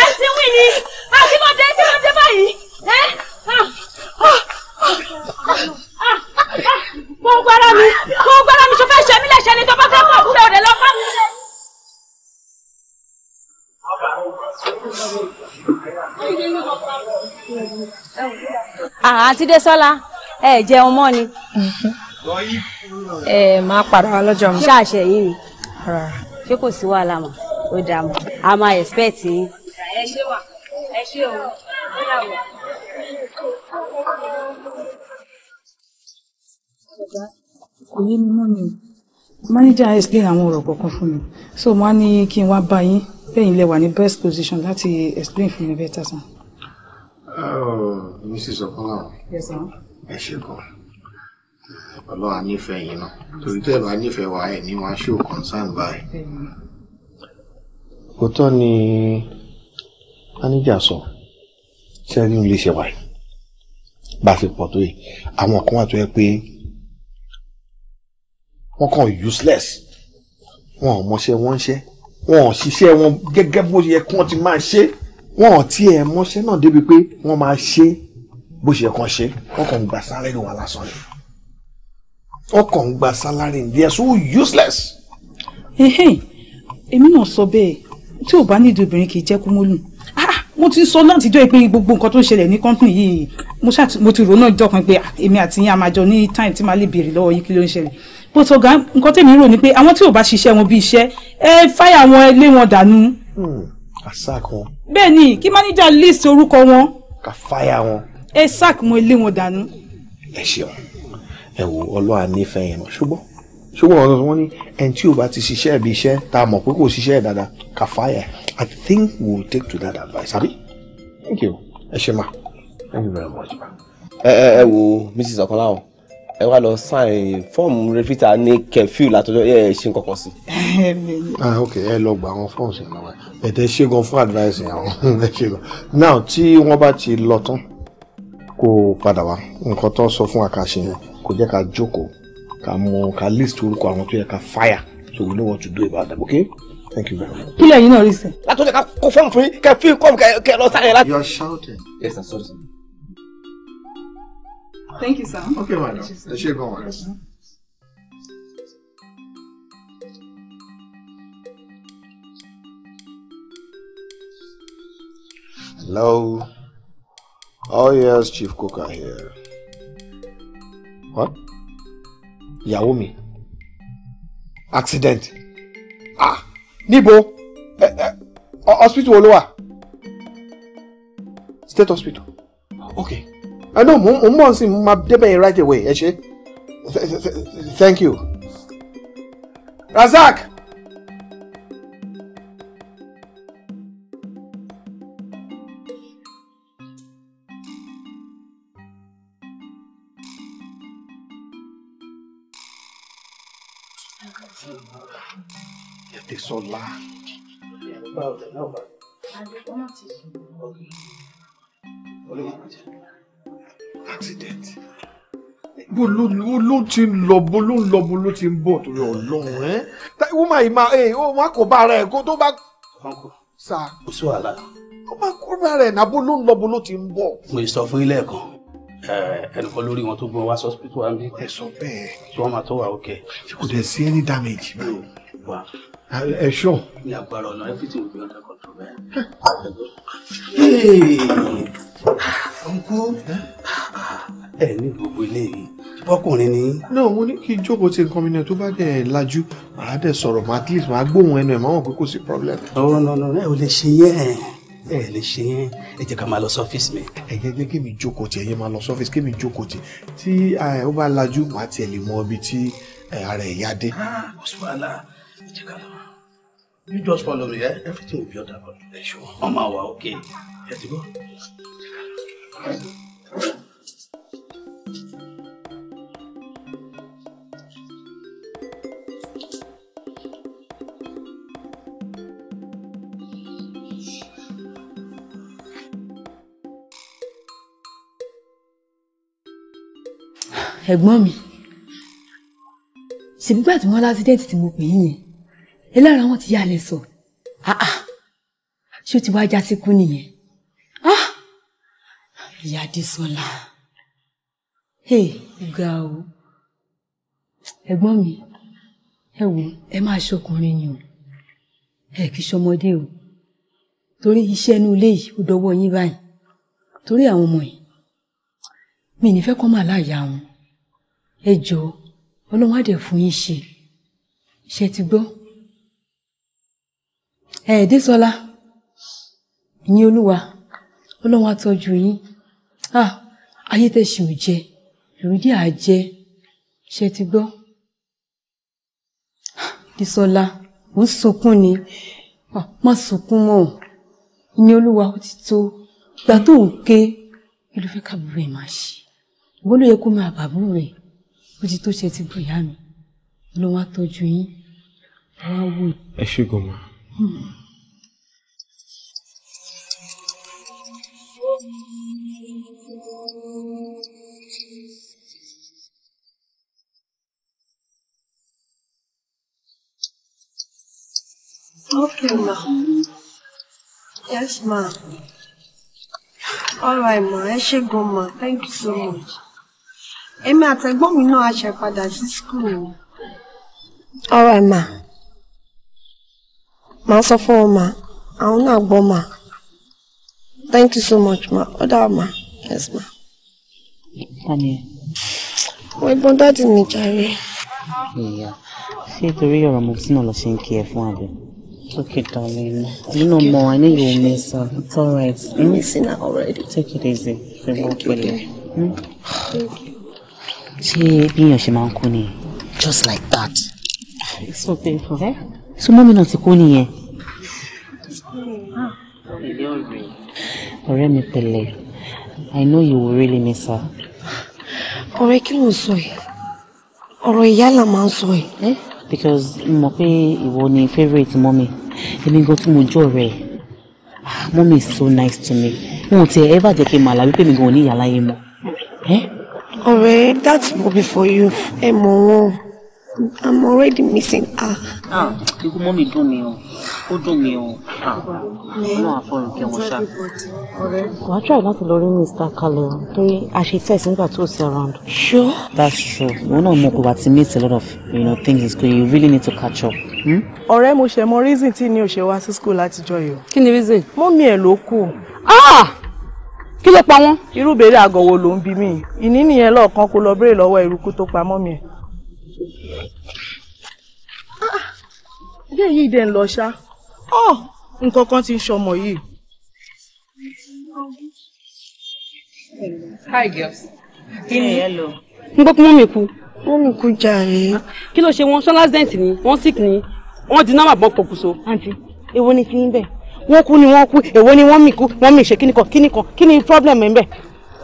Speaker 2: ẹ ti wí ni a ti mọ dé tí mo dé báyìí ẹ mo gbára mi mo gbára mi ṣe fẹ́ ṣe mí lẹ́sẹ̀ ni tó bá fẹ́ pọ̀ kúrò rẹ̀ lọ́ bá mi lẹ́. àǹtí Désọ́lá ẹ jẹun mọ́ ni. ẹ máa padà wá lọ́jọ́ mi. ṣáàṣẹ yìí ni ṣé kò sí wàhálà mọ́ ó dáa mọ́ a máa expect yín.
Speaker 4: ẹ ṣé wà ẹ ṣé o ó dà wọ.
Speaker 2: kò yé mi mọ́ ni manager explain àwọn ọ̀rọ̀ kọ̀ọ̀kan fún mi so wọ́n á ní kí n wá bá yín bẹ́yìn lẹ wà ní best position láti explain fún mi better sir.
Speaker 5: Oh, Mrs. Okola. Yes, sir ẹ ṣe gan ọlọ́wà nífẹ̀ẹ́ yìí náà torí tẹ́ ẹ nífẹ̀ẹ́ wa ẹ̀ ní wàá ṣó concern báyìí. òótọ́ ni máníjà sọ sẹ́yìn ilé ṣe wà bá a ṣe pọ̀ tó yìí àwọn kan wà tó yẹ pé wọ́n kàn useless wọn ò mọṣẹ́ wọn ń ṣe wọn ò ṣiṣẹ́ wọn gẹ́gẹ́ bó yẹ kí wọ́n ti máa ṣe wọn ò tiẹ̀ mọṣẹ́ náà débi pé wọ́n máa ṣe é bó ṣe kàn ṣe ọkàn gba sálárì wọn lásán ni ọkàn gba sálárì ni they are so useless.
Speaker 2: èmi náà sọ bẹ́ẹ̀ tí ò bá nídìí obìnrin kì í jẹ́ kúmọ́lù ah, ah, mo ti sọ láti jọ pé gbogbo nǹkan tó ń ṣẹlẹ̀ ní kọ́ńtìnì yìí mo ti ronú ọjọ́ kan pé ah, èmi àti yín a ní time tí màá lè béèrè lọ́wọ́ yín kí ló ń ṣẹlẹ̀ bó tó ga nǹkan tèmi rò ni pé àwọn tí ò bá ṣiṣẹ́ wọn bí iṣẹ́ ẹ fáyà wọn lé wọn dànù.
Speaker 5: Hmm, àṣà
Speaker 2: ni kí máníjà list orúkọ wọn.
Speaker 5: ká fáyà wọn
Speaker 2: ẹ sáàkì wọn ilé wọn dànù.
Speaker 5: ẹ ṣeun ẹ wo ọlọ́wà nífẹ̀ẹ́ yẹn ṣùgbọ́n ṣùgbọ́n ọ̀rọ̀ wọn ní ẹni tí ò bá ti ṣiṣẹ́ ibi iṣẹ́ tá a mọ̀ pé kò ṣiṣẹ́ dáadáa kà fáyà I think we will take to that advice àbí. thank you ẹ ṣe ma thank you very much ma. ẹ ẹ ẹ wo Mrs. Ọ̀kanláwọ̀n ẹ wá lọ sáìn fọ́ọ̀mù rẹ́fítà ní kẹfíù látọjọ́ ẹ ṣe nǹkankan sí. Ah, ok ẹ lọ gba àwọn fọ́ọ̀mù sí ẹ náà ẹ tẹ ṣe gan fún advice yẹn àwọn ẹ ṣe gan now tí wọ́n bá ti lọ tán kó o padà wá nǹkan tó sọ fún wa ká ṣe yẹn kò jẹ́ ká jókòó ká mọ ká list orúkọ àwọn tó yẹ ká fire so we know what to do about that okay thank you very much.
Speaker 2: kí lẹ́yìn náà rí sẹ́. látò lè ka
Speaker 3: kó fọ́ọ̀mù fún yín kẹ́ fi kọ́ọ̀mù kẹ́ lọ sáré láti. you are shouting. yes i saw it.
Speaker 5: thank you sir. okay madam ẹ ṣe gan wa. hello. Oh yes, Chief Coker here. What? Ìyàwó Accident. Ah! Nibo. Eh, eh, hospital wo State hospital. Okay. I eh, know, mo mo mo sin ma right away, ẹ Thank you. Razak! Tọ́lá. accident. bó ló ló ti ń lọ bó ló ń lọ bó ló ti ń bọ̀ torí ọlọ́run ẹ́ wọ́n máa ma ẹ̀ wọ́n kò bá ara ẹ̀ kó tó bá. sa kò sí wàhálà. wọ́n máa kó bá ara ẹ̀ náà bó ló ń lọ bó ló ti ń bọ̀. mo sọ fún ilé ẹ̀kan ẹnìkan lórí wọn tó gbọ́n wá sọ́sìpítù wa mi. ẹ sọ bẹ́ẹ̀. tí wọ́n máa tó wà ókè. kò dẹ̀ sí any damage. wà ẹ ṣọ. ní agbára ọ̀nà everything will be under control bẹ́ẹ̀. ọ̀nkú ẹ ní gbogbo eléyìí bọ́kùnrin ni. náà mo ní kí jókòó ti nǹkan mi náà tó bá dẹ̀ lajú màá dẹ̀ sọ̀rọ̀ màá at least màá gbóhùn ẹnu ẹ̀ máa wọ̀n pé kò sí problem. ọ̀rọ̀ nọ̀nà ẹ ò lè ṣe yẹn ẹ lè ṣe yẹn ẹ jẹ́ ká máa lọ sọ́fíìsì mi. ẹ jẹ́ jẹ́ kí mi jókòó tì ẹ yẹn máa lọ sọ́fíìsì kí mi jókòó tì tí ó bá lajú màá tiẹ̀ lè mọ ibi tí ara ẹ̀ yá dé. ah ọ̀ṣun àlà You just follow me, eh? Everything will be under control. Ọmọ àwa, okay? Let's go.
Speaker 2: ẹ̀gbọ́n mi ṣèbígbà tí wọ́n lásídẹ́ǹtì tí mo pè yín yẹn elára wọn ti yálẹ sọ ah, ah. ṣé o ti wá já síkú nìyẹn ah. ìyá Adésọlá ga o ẹ̀gbọ́n mi ẹ wo ẹ máa ṣọkùnrin ni o ẹ kì í ṣọmọdé o torí iṣẹ́ inú ilé yìí ó dọwọ́ yín báyìí torí àwọn ọmọ yìí mi ní fẹ́ kọ́ máa láàyà wọn ẹ jọ ọlọ́wọ́n á dẹ̀ fún yín ṣe ṣe ti gbọ́ ẹ Désọlá ìyìn olúwa ọlọ́run àtọ́jú yín ah, ayé tẹ̀sí ò jẹ lòdì àjẹ ṣe ti gbọ́. Ah, Désọlá ò ń sunkún ni ah, má sunkún mọ́ ìyìn olúwa ó ti tó gbà tó ń ké kí ló fẹ́ kábùrú ẹ̀ máa ṣe ìwọ ló yẹ kó máa bàbúrò ẹ̀ ó ti tó ṣe ti gbọ́ ìyá mi ọlọ́run àtọ́jú yín ẹ ṣe gan hmm. Okay, ma. Yes, ma. All right, ma. I should go ma. Thank you so much. Èmi àtẹ̀gbọ́n mi náà a ṣe padà sí school o. All right, ma. Màá sọ fún ọ, ma. Àwọn náà gbọ́, ma. Thank you so much, ma. Ó dáa, ma. Yes, ma. Tani ẹ. Wọ́n ẹ̀gbọ́n dáàdì mi jàre. Ṣé ìyá ṣé torí ọ̀rọ̀ mo sí náà lọ ṣe ń kí ẹ fún àbẹ̀? Okay, darling. You know more. I know you will miss her. It's all right. Mm? I'm missing her already. Take it easy. Thank you, dear. Hmm? Thank you. Ṣé bí èèyàn Just like that. It's so painful. Eh? So mọ́mí náà ti kú nìyẹn. Ọ̀rẹ́ mi pẹ̀lẹ́, I know you will really miss her. Ọ̀rẹ́ kí ló ń sọ yìí? Ọ̀rọ̀ ìyá là eh? Because mo mọ̀ pé ìwọ èmi gan tí mo jọ rẹ̀ ah, Mommy is so nice to me wọn ò tiẹ̀ ever jẹ́ kí n màlá wípé mi gan ò ní ìyá láyé mọ́. ọ̀rẹ́ that's movie for you ẹ mọ̀ wọ́n. I'm already missing her. Ah, ikú mommy do me mí o, ó dùn mí o. Ah, Ọlọ́run I kí wọ́n ṣá. Wàá try not to rí Mr. Kalẹ̀ As she says, ṣe test nígbà tó around. Sure. That's true. Wọ́n know mọ̀ but he meets a lot of you know, things in school. You really need to catch up. Hmm? Ọ̀rẹ́ mo ṣe mọ reason tí ni o ṣe wá sí school látijọ́ yìí o. Kí reason? Mommy ẹ̀ ló Ah! Kí ló pa wọ́n? Irú ìbéèrè àgọ̀wò ló ń bi mí. Ìní nìyẹn lọ́ọ̀kan kó lọ béèrè lọ́wọ́ irúkú tó pa mọ́mí ẹ̀ bẹ́ẹ̀ yìí dẹ̀ ń lọ ṣá ọ oh, nǹkan kan ti ń ṣọmọ yìí. hi girls. kí ni ẹ lọ. n gbọ́ pé mọ́mì kú. mọ́mì kú jàre. kí ló ṣe wọn ṣọlá accident ni wọ́n sick ni wọ́n di nọ́mbà bọ́ pọ̀kùṣọ. àǹtí èwo ni ti ń bẹ̀ wọ́n kú ni wọ́n kú èwo ni wọ́n mì kú wọ́n mì ṣe kíni kan kíni kan kíni problem ẹ̀ ń bẹ̀.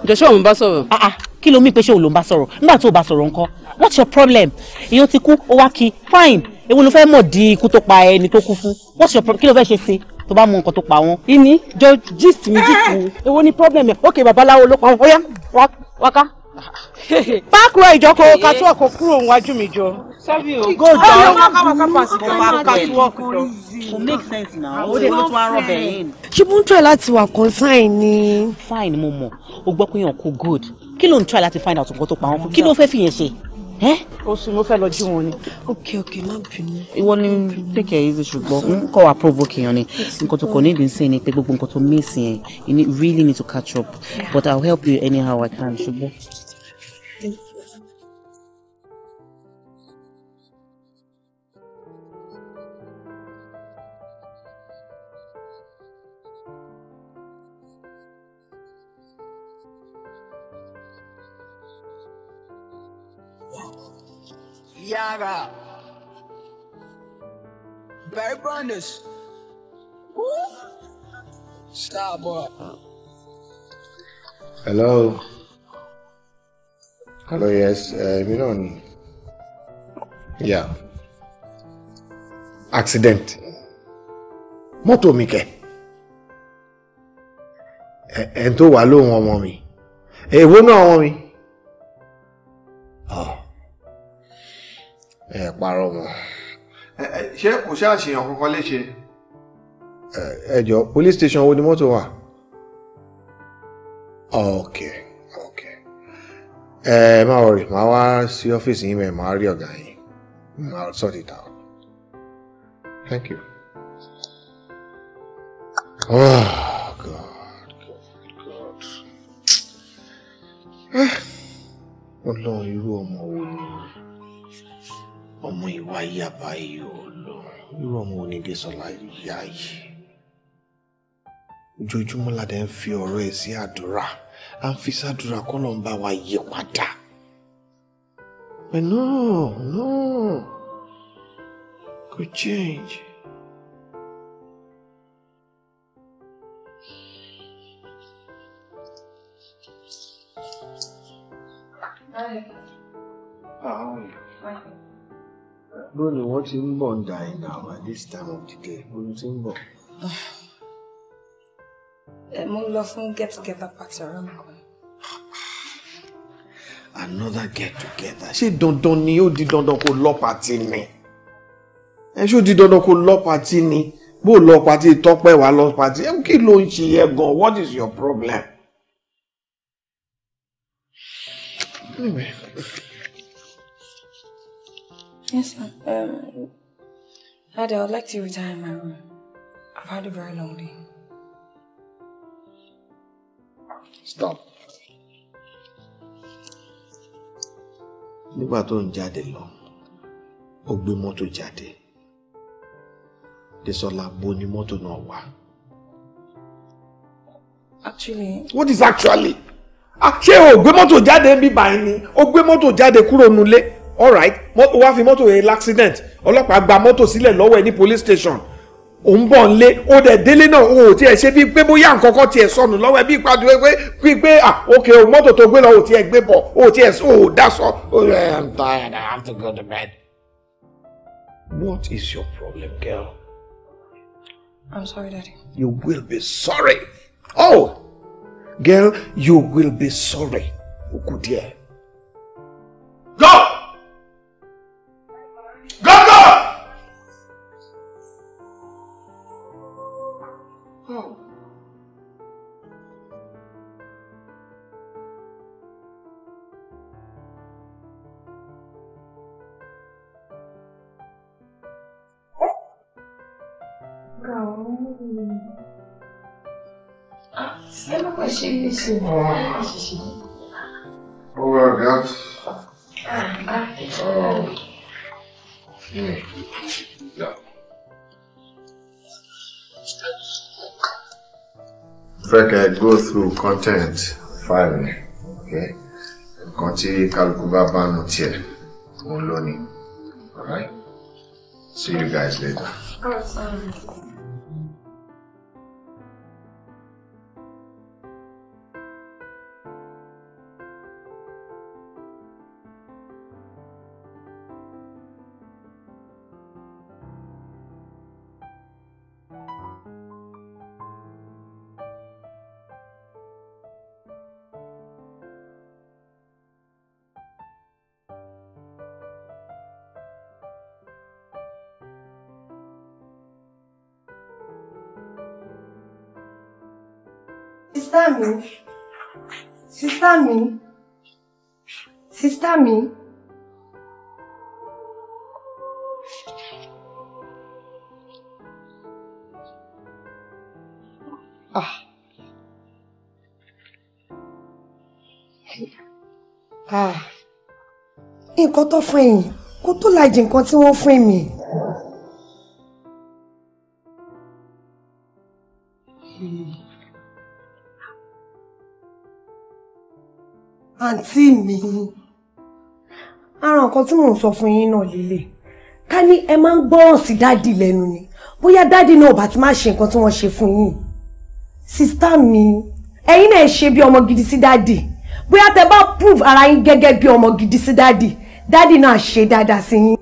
Speaker 2: jọ̀ṣọ́ mi bá sọ̀rọ̀. Ah, ah. kí ló mí pé ṣé òun ló ń bá sọ̀rọ̀ nígbà tó o bá sọ̀rọ̀ ńkọ́ what's your problem èèyàn ti kú ó wá kí fine èwo ló fẹ́ mọ̀ di ikú tó pa ẹni tó kú fún what's your problem kí ló fẹ́ ṣe sí tó bá mọ nǹkan tó pa wọn. ìní jọ gist mi gist mi èwo ni problem yẹn ok babaláwo ló pa wọn óyá wáká. páàkì rẹ ìjọkọ kàtúwọ̀kọ kúrò níwájú mi jọ. sọ́bì o go down kàtúwọ̀kọ jọ. make sense na o de ló tún wá rọbẹ̀ yìí. ṣubú ń tọ́ ẹ láti wà consign ni. fine mo mọ̀ o gbọ́ pé yàn kú good kí ló ń tọ́ ẹ láti find out nǹkan tó pa wọn fún kí ló fẹ́ fi yẹn ṣe o sì mo fẹ́ lọ jí wọn ni. ok ok má bínú. ìwọ ni take care easy ṣùgbọ́n n kọ́ wa provoke yan ni nǹkan tó kọ níbi nsìn ni pé gbogbo nǹkan tó miss yẹn you really need to catch up but i will help you anyhow i can ṣùgbọ́n.
Speaker 3: Yara. Barry Brundage. Woo! boy.
Speaker 5: Hello. Hello, yes. Uh, mi náà Yeah. Accident. Mọ́tò mi kẹ̀. Ẹ̀ ẹ̀ tó wà lóhùn ọmọ mi. Èwo náà ọmọ mi? ẹ parọ́ mọ́. ṣé kò sí àṣeyàn kankan léṣe. ẹ jọ police station wo ni mọ́tò wà. ok ok ẹ má wọrí màá wá sí ọ́fíìsì yín mẹ́ẹ̀ màá rí ọ̀gá yín màá sort it out. thank you. Oh, God, God, God. Ah, Ọlọ́run irú ọmọ wo ni ọmọ ìwà yà báyìí ò lọ irú ọmọ onídésọlá yà yìí ojoojúmọ́ la dẹ̀ ń fi ọ̀rọ̀ ẹ̀ sí àdúrà à ń fi sádùrà kọ́ ló ń bá wa yí padà but no no
Speaker 3: kò change.
Speaker 4: Hi. How are you? Fine
Speaker 5: lónìí wọ́n ti ń bọ̀ dine now at this time of the day olú ti ń bọ̀.
Speaker 2: ẹ mú lọ fún get together party ọ̀rẹ́ mi kan.
Speaker 5: another get together ṣé dandan ni ó di dandan kó lọ pàtí ni ẹ ṣó di dandan kó lọ pàtí ni bó lọ pàtí tọpẹ wà lọ pàtí kí ló ń ṣe yẹ gan what is your problem.
Speaker 2: Anyway. Yes, ma'am. Um, Ada, I'd like to retire in my room. I've had a very long day.
Speaker 4: Stop.
Speaker 5: Nígbà tó ń jáde lọ, ó gbé mọ́tò jáde. Désọlá bo ni mọ́tò náà wà. Actually. What is actually? Ah, ṣé o gbé mọ́tò jáde ń bí báyìí ni? O gbé mọ́tò jáde kúrò nulẹ̀ alright mọ́tò wá fi mọ́tò yẹn l'accident ọlọ́pàá gba mọ́tò sílẹ̀ lọ́wọ́ ẹ̀ ní police station ò ń bọ̀ nlé ó dẹ̀ délé náà o ò tiẹ̀ ṣe bíi pé bóyá nǹkan kan tiẹ̀ sọnù lọ́wọ́ ẹ bí ìpàdé pé pé pé à òkè o mọ́tò tó gbé lọ ò tiẹ̀ gbé bọ̀ ò tiẹ̀ ò dá sọ. I'm tired, I have to go to bed. What is your problem, girl?
Speaker 2: I'm sorry, Daddy.
Speaker 5: You will be sorry. Oh, girl, you will be sorry. Ó kù ṣe sí guys. go through content file Okay, continue tí kálukú bá here. tiẹ̀
Speaker 3: òun All right?
Speaker 5: See you guys later.
Speaker 2: nǹkan tó fún ẹ̀yìn kó tó lajì nǹkan tí wọ́n fún mi. àǹtí mi ara nǹkan tí mò ń sọ fún yín náà lélẹ̀ ká ní ẹ máa ń gbọ́ràn sí dádì lẹ́nu ni bóyá dádì náà bá ti máa ṣe nǹkan tí wọ́n ṣe fún yín sísítà mi ẹ̀yin náà ṣe bí ọmọ gidi sí dádì bóyá tẹ bá prove ara yín gẹ́gẹ́ bí ọmọ gidi sí dádì dádì náà ṣe dáadáa sí yín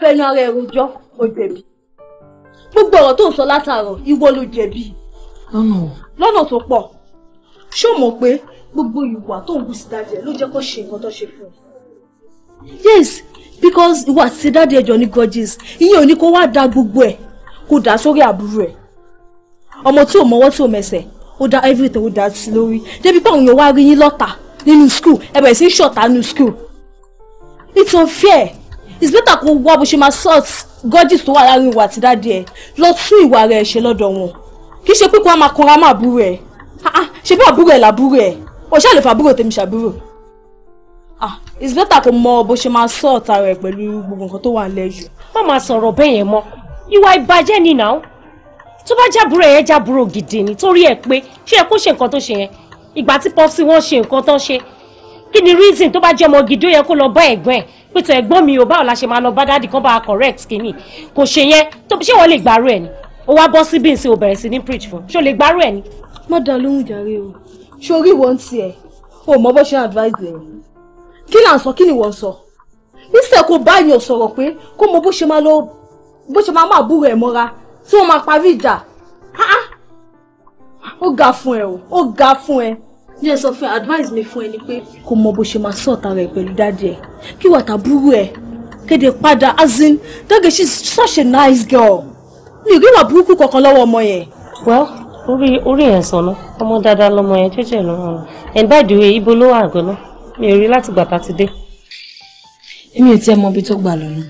Speaker 2: fẹnu ara ẹ̀ rojọ́ ó jẹ̀bi gbogbo ọ̀rọ̀ tó ń sọ látàárọ̀ ìwọ ló jẹ̀bi lọ́nà tó pọ̀ ṣó mọ̀ pé gbogbo ìwà tó ń gùsì dájẹ́ ló jẹ́ kó ṣe nǹkan tó ṣe fún un. yes because ìwà àti dáadé ẹjọ́ ní grudges ìyẹn ò ní kó wá da gbogbo ẹ̀ kó dà sórí àbúrò ẹ̀ ọmọ tí ò mọwọ́ tí ò mẹsẹ̀ ó dá everything ó dá sí lórí débi pé àwọn èèyàn wá rí yín lọ́tà nínú school ẹ bẹ̀rẹ̀ sí í ṣọ̀tá nínú school it's unfair it's better kó wá bó ṣe máa sort gọ́jìs tó wà láàrin ìwà àti dáadé ẹ̀ lọ tún ìwà rẹ̀ ṣe lọ́dọ̀ wọn kì í ṣe pé kó wá máa kanra mọ́ àbúrò ẹ̀ ah, ah, ṣe bí àbúrò ẹ̀ làbúrò ẹ̀ o ṣáà lè fa àbúrò tèmi ṣàbúrò ah it's better kó mọ bó ṣe máa sort ara ẹ̀ pẹ̀lú gbogbo nǹkan tó wà ń lẹ́yìn. má máa sọ̀rọ̀ bẹ́ẹ̀ yẹn mọ́ ìwà ìbàjẹ́ ni náà tó bá jábúrò ẹ̀ jábúrò gidi ni torí ẹ̀ pé ṣé ẹ kó ṣe nǹkan tó ṣe yẹn ìgbà tí pọ́sí wọ́n ṣe nǹkan tó ṣe kí ni reason tó bá jẹ́ ọmọ gidi ó yẹ kó lọ bá ẹ̀gbọ́n ẹ̀ pété ẹ̀gbọ́n mi ò báwo la ṣe máa lọ bá dáàdì kan bá a correct kínní kò ṣe yẹn tó ṣé wọ́n lè gbàrú ẹ̀ ni ó wá bọ́ síbí nsìn ò bẹ̀rẹ̀ sí ní preach fún ṣó lè gbàrú ẹ̀ ni. má dá lóhùn jàre o sórí ìwọ ń tiẹ̀ o mọ bó ṣe advise ẹ kí là ń sọ kí ni wọ́n sọ nísìlẹ̀ kó bá èèyàn sọ̀rọ̀ pé kó mọ bó ṣe máa lọ bó ṣe máa máa búrò ẹ̀ mọ́ra tí wọ́n máa parí ìjà ó ga fún ẹ o ó ga fún ẹ díẹ̀ sọ fún advice mi fún ẹ ni pé kò mọ bó ṣe máa sọ ọ̀tá rẹ̀ pẹ̀lú dáàdì ẹ̀ kí wà burú ẹ̀ kéde padà as in dọ́gẹ̀ she's such a nice girl mi ò rí wà burúkú kankan lọ́wọ́ ọmọ yẹn. well orí orí ẹ̀ sọ̀nà ọmọ dáadáa lọmọ yẹn jẹ́jẹ́ ló hàn and by the way ibo ló wà gan-an mi ò rí láti gbà tá ti dé. èmi ò tiẹ̀ mọ ibi tó gbà lọ́nà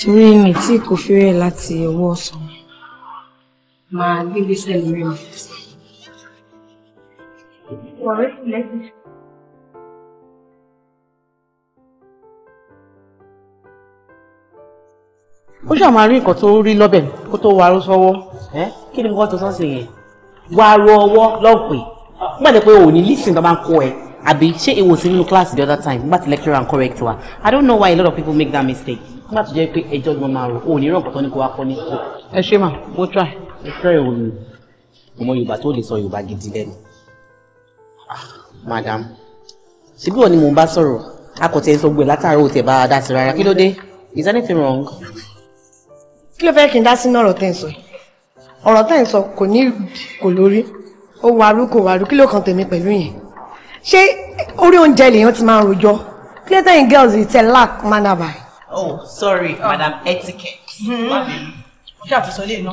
Speaker 2: torí mi tí kò fi rẹ̀ láti ọwọ́ ọ̀sán máa gbégbé sẹ́lẹ̀ rí ọ̀fíìsì worried relationship. ó ṣáà máa rí nǹkan tó rí lọ́bẹ̀ kó tó waró sọ́wọ́. ẹ kí ni nǹkan tó sọ sí yẹn. waró ọwọ́ lọ́pẹ́ nígbà tó pé o ò ní lísìn tó máa ń kó ẹ àbí ṣé èwo sí nínú class the other time nígbà tí lecturer and correct wa i don't know why a lot of people make that mistake nígbà tó jẹ́ pé ẹjọ́ gbọ́n máa rò o ò ní ràn pọ̀tọ́ ní kó wá kọ́ ní. ẹ ṣe mà mo try. ẹ fẹ́ ìwòye ọmọ Yorùbá tó lè sọ Yorùbá gidi lẹ́nu madam ṣebí wọn ni mò ń bá sọ̀rọ̀ akọ̀tẹ̀ sọ gbẹ̀ látàárọ̀ òtẹ̀ bá a dá sí rárá kí ló dé is anything wrong. kí ló fẹ́ kí n dá sínú ọ̀rọ̀ tẹ̀ ń sọ ọ̀rọ̀ tẹ̀ ń sọ kò ní kò lórí ó warú kò warú kí ló kan tèmi pẹ̀lú yẹn ṣé orí oúnjẹ lèèyàn ti máa ń rojọ́ kí ló tẹ̀yìn girls yìí a lack manner by. oh sorry oh. madam etiquette wà lẹ́nu ọjọ́ àtúnṣe lè ná.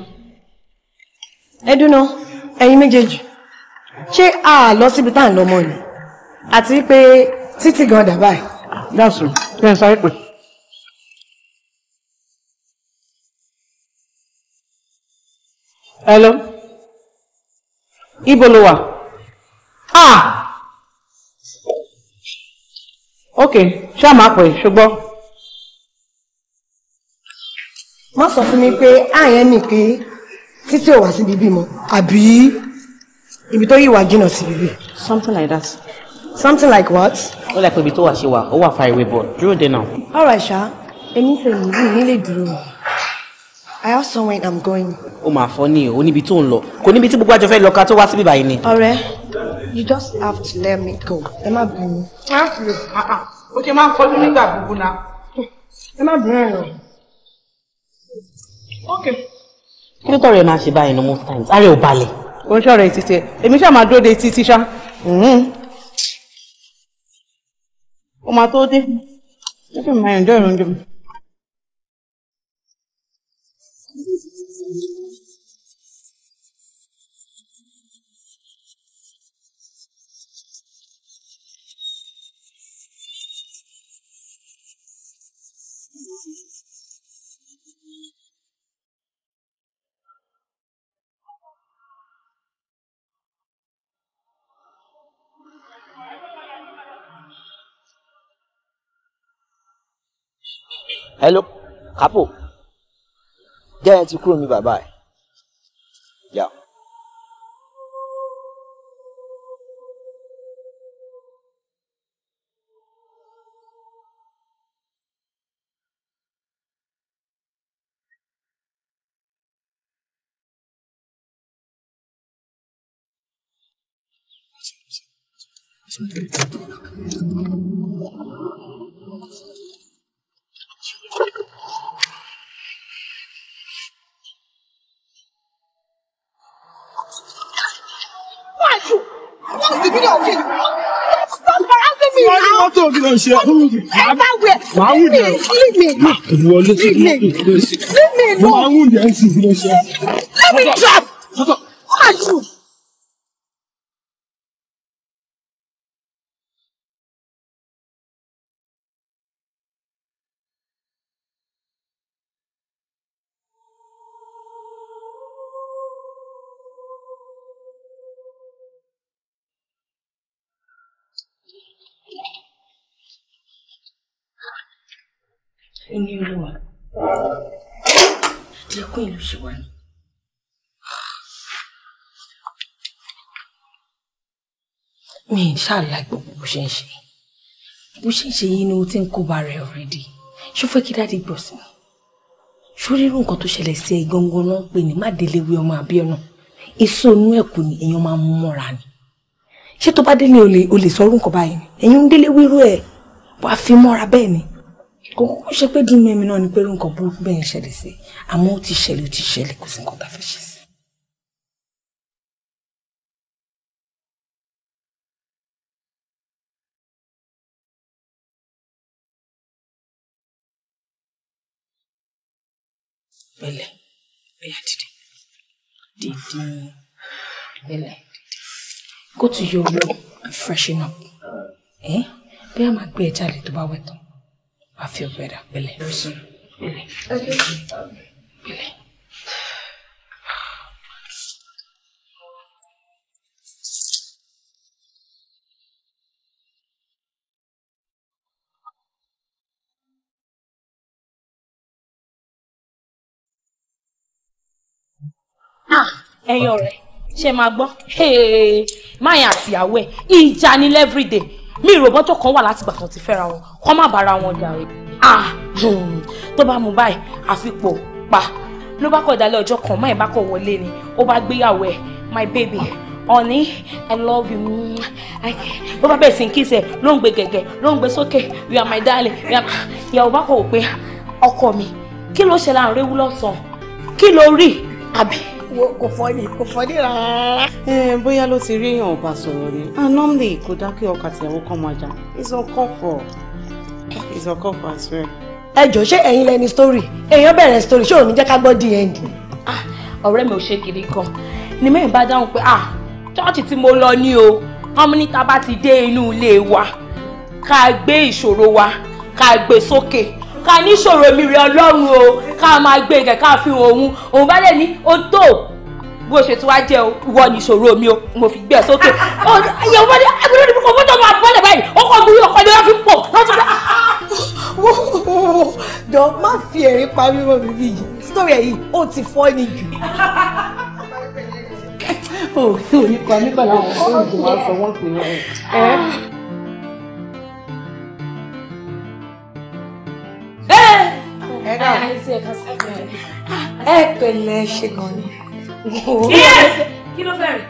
Speaker 2: ẹ dúná ẹ̀yin méjèèjì ṣé a lọ síbi tá à ń lọ mọ́ ni àti pé títí gan dà báyìí. dáàsù kí n sáré pè. hello ibo ló wà. ah ok ṣáà máa pè ṣùgbọ́n. má sọ fún mi pé àyẹn nìkan títí ò wá síbi bímọ àbí ibi tó yí wà jìnnà sí bíbí. something like that. something like what. ó lè pe ibi tó wà ṣe wà ó wà far away but dúró dé náà. all right ṣá èmi fẹ́ mi yìí nílé dúró i have somewhere i'm going. ó máa fọ́ ní o níbi tó ń lọ kò níbi tí gbogbo àjọ fẹ́ lọ ká tó wá síbí báyìí ni. ọ̀rẹ́ you just have to let me go ẹ má bínú mi. ẹ má bínú o ah, ah. ti máa ń kọjú nígbà gbogbo náà. ẹ má bínú ẹ ok. kí ló tọrọ ẹ máa ṣe báyìí ní most times ara ẹ ò balẹ̀ ó ń ṣọ̀rọ̀ ètí tiẹ̀ èmi ṣáà máa dúró de títí ṣá mm-hmm. ó máa tó dé ó sì máa yànjọ́ ìrúnjọ́ mi. hello Kapu. Jangan ẹ ti kúrò ní bàbá ẹ yà.
Speaker 4: Thank
Speaker 1: ń ṣe. ẹ bá wẹ̀ leave me
Speaker 2: leave me ah,
Speaker 1: leave me leave me no leave me drop.
Speaker 4: everyone.
Speaker 2: mi ń ṣàlàyé gbogbo bó ṣe ń ṣe bó ṣe already ṣó fẹ́ kí dáàdi gbọ̀ sí mi ṣó rírú nǹkan tó ṣẹlẹ̀ sí ẹ gangan náà ń pè ní má délé wí ọmọ àbí ọ̀nà èso ni èèyàn máa mú mọ́ra ni ṣé tó bá délé o fi mọ́ra bẹ́ẹ̀ kò kúkú ṣe pé dín mẹ́mi náà ni pé nǹkan burúkú bẹ́ẹ̀ ń ṣẹlẹ̀ sí àmọ́ ó ti ṣẹlẹ̀ ó ti ṣẹlẹ̀ kò sí nǹkan tá a fẹ́ ṣe sí.
Speaker 4: pẹ̀lẹ́ ẹyà dìde dìde
Speaker 2: pẹ̀lẹ́ go to your room and freshen up ẹ eh? máa gbé ẹ jáde tó bá wẹ̀ tán. I feel better. Pẹ̀lẹ́. Pẹ̀lẹ́. Pẹ̀lẹ́. ẹ̀yin ọ̀rẹ́ ṣe máa gbọ́ máyà àtìyàwó ẹ̀ ìjà ni everyday mi ìròbọ́jọ́ kan wà látìgbà kan ti fẹ́ra wọn kọ́ má bára wọn jàre ah tó bá mu báyìí àfipò pa ló bá kọ̀ dálé ọjọ́ kan máyì bá kọ̀ wọlé ni ó bá gbéyàwó ẹ̀ my baby honey i love you ló bá bẹ̀rẹ̀ sí kí sẹ̀ ló ń gbé gẹ̀gẹ̀ ló ń gbé sókè you are my darling ìyàwó bá kọ̀ wò pé ọkọ mi kí ló ṣe láàrin ewúlọ́sàn kí ló rí àbí wo kò fọ́ọ̀nì kò fọ́ọ̀nì rárá. bóyá ló ti rí èèyàn ọba sọ̀rọ̀ rí and ah, normally kò dá kí ọkọ àtìyàwó kan máa jà it's uncalled for it's uncalled as well. ẹ jọ̀ọ́ ṣé ẹ̀yin lẹni story èèyàn bẹ̀rẹ̀ story ṣé ò ní jẹ́ ká gbọ́ the end. Ah, ọ̀rẹ́ mi ò ṣe kiri kan ni mẹ́rin bá dáhùn pé ah ṣọ́ọ̀ṣì tí mo lọ ní o ọmọ níta bá ti dé inú ilé wa ká gbé ìṣòro wa ká gbé sókè. So ká níṣòro mi rè ọlọ́run o ká máa gbé ìkẹ́ ká fi hàn òun òun bá lè ní ó tó bó ṣe tí wá jẹ́ o ìwọ ni ìṣòro mi o mo fi gbé ẹ sókè ìyàwó bá ní agbèrè ní kòkó tó máa bọ́lẹ̀ báyìí ọkọ mi ọkọ ni wọ́n fi pọ̀ lọ́tún bá. jọ má fi ẹ̀rín pa mí mọ́ mi bí yìí sítórì ẹ̀ yìí ó ti fọ́ ni jù o oh, ò ní kọ́ mi pẹ̀lú àwọn ìjọba sọ wọ́n pè é. ẹ pẹ̀lẹ́ ṣe gan ni. kí ló fẹ́ rẹ̀.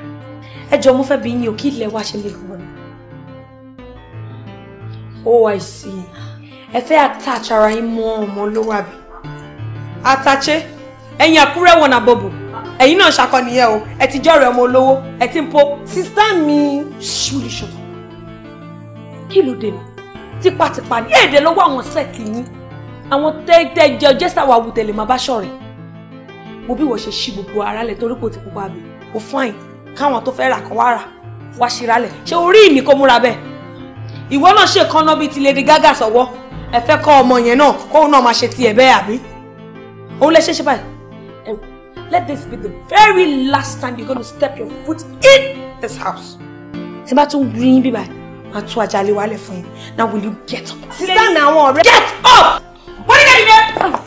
Speaker 2: ẹ jọ mo fẹ́ bí yín o kí ilẹ̀ wa ṣe lè wọ̀ ni. oh i see ẹ fẹ́ attach ara yín mọ́ ọmọ olówàbí. àtàchẹ́ ẹ̀yin àkúrẹ́ wọn àbọ̀bọ̀ ẹ̀yin náà ṣàkọnìyẹ o ẹ ti jọ́rọ̀ ọmọ olówó ẹ ti ń po sísá mi ṣúlẹ̀ ṣọ̀tọ̀ kí ló dé náà tipátipá ní èdè lọ́wọ́ àwọn sẹ́ẹ̀tì yín àwọn tẹ́tẹ́ jẹ ọjẹ́ sàwọn àwùtẹ̀lẹ̀ máa bá ṣọ̀rẹ́ mo bí wọ́n ṣe ṣí gbogbo ara lẹ̀ torí kò ti pupa bẹ̀ kò fáìn káwọn tó fẹ́ rà kan wá rà wá ṣíra lẹ̀ ṣé orí mi kò múra bẹ́ẹ̀ ìwọ náà ṣe kan náà bíi ti Lady Gaga sọ̀wọ́ ẹ fẹ́ kọ́ ọmọ yẹn náà kóun náà máa ṣe tiẹ̀ bẹ́ẹ̀ àbí òun lẹ ṣe ṣe báyìí let this be the very last time you're gonna step your foot in this house tí bá tún rí yín bíbá máa tún ajá lé wálẹ̀ fún yín now will you get up. sísá náà àwọn ọ̀rẹ́ get up wọ́n ní kẹ́mi bẹ́ẹ̀.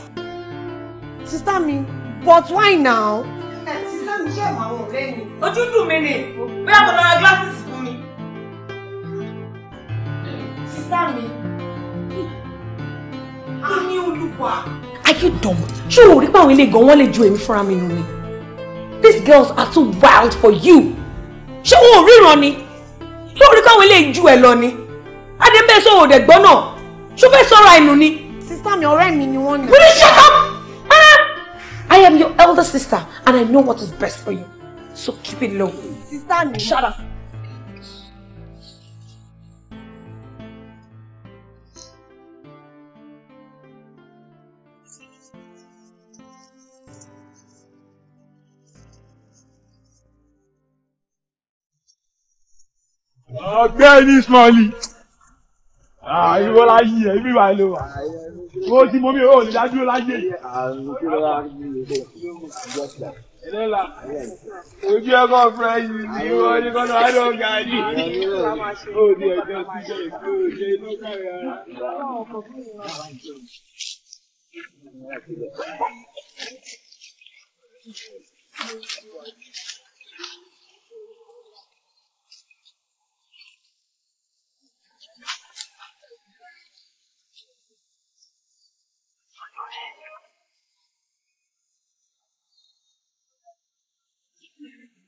Speaker 2: sista mi but why now. Eh, sista mi ṣe mọ àwọn ọ̀rẹ́ mi. ojú dùn mí ni bóyá mo glasses for me? Sister me, are you dumb ṣé o rí will go on gan wọn for ju èmi these girls are too wild for you ṣé wọn ò ríran ni ṣé o rí pé àwọn ilé ju ẹ lọ ni adé ń bẹ sọ òdẹgbọ náà ṣó fẹ́ sister mi ọ̀rẹ́ mi ni wọ́n ní. Will you shut up? Ah! I am your elder sister and I know what is best for you. So keep it low. Sister mi. Shut up.
Speaker 3: Ọ̀gbẹ́ni Ismaili
Speaker 4: ìwọ ah, la
Speaker 3: yí ẹ ibi báyìí ló wà mo ti mọ mi ò lè dájú láyé. ojú ẹkọ fúnra yìí ni wọn ní kọ́nà àdó ga ni ó di ẹjọ́ síbẹ̀ tó ṣe inú kàrẹ́ ara.
Speaker 4: Thank you.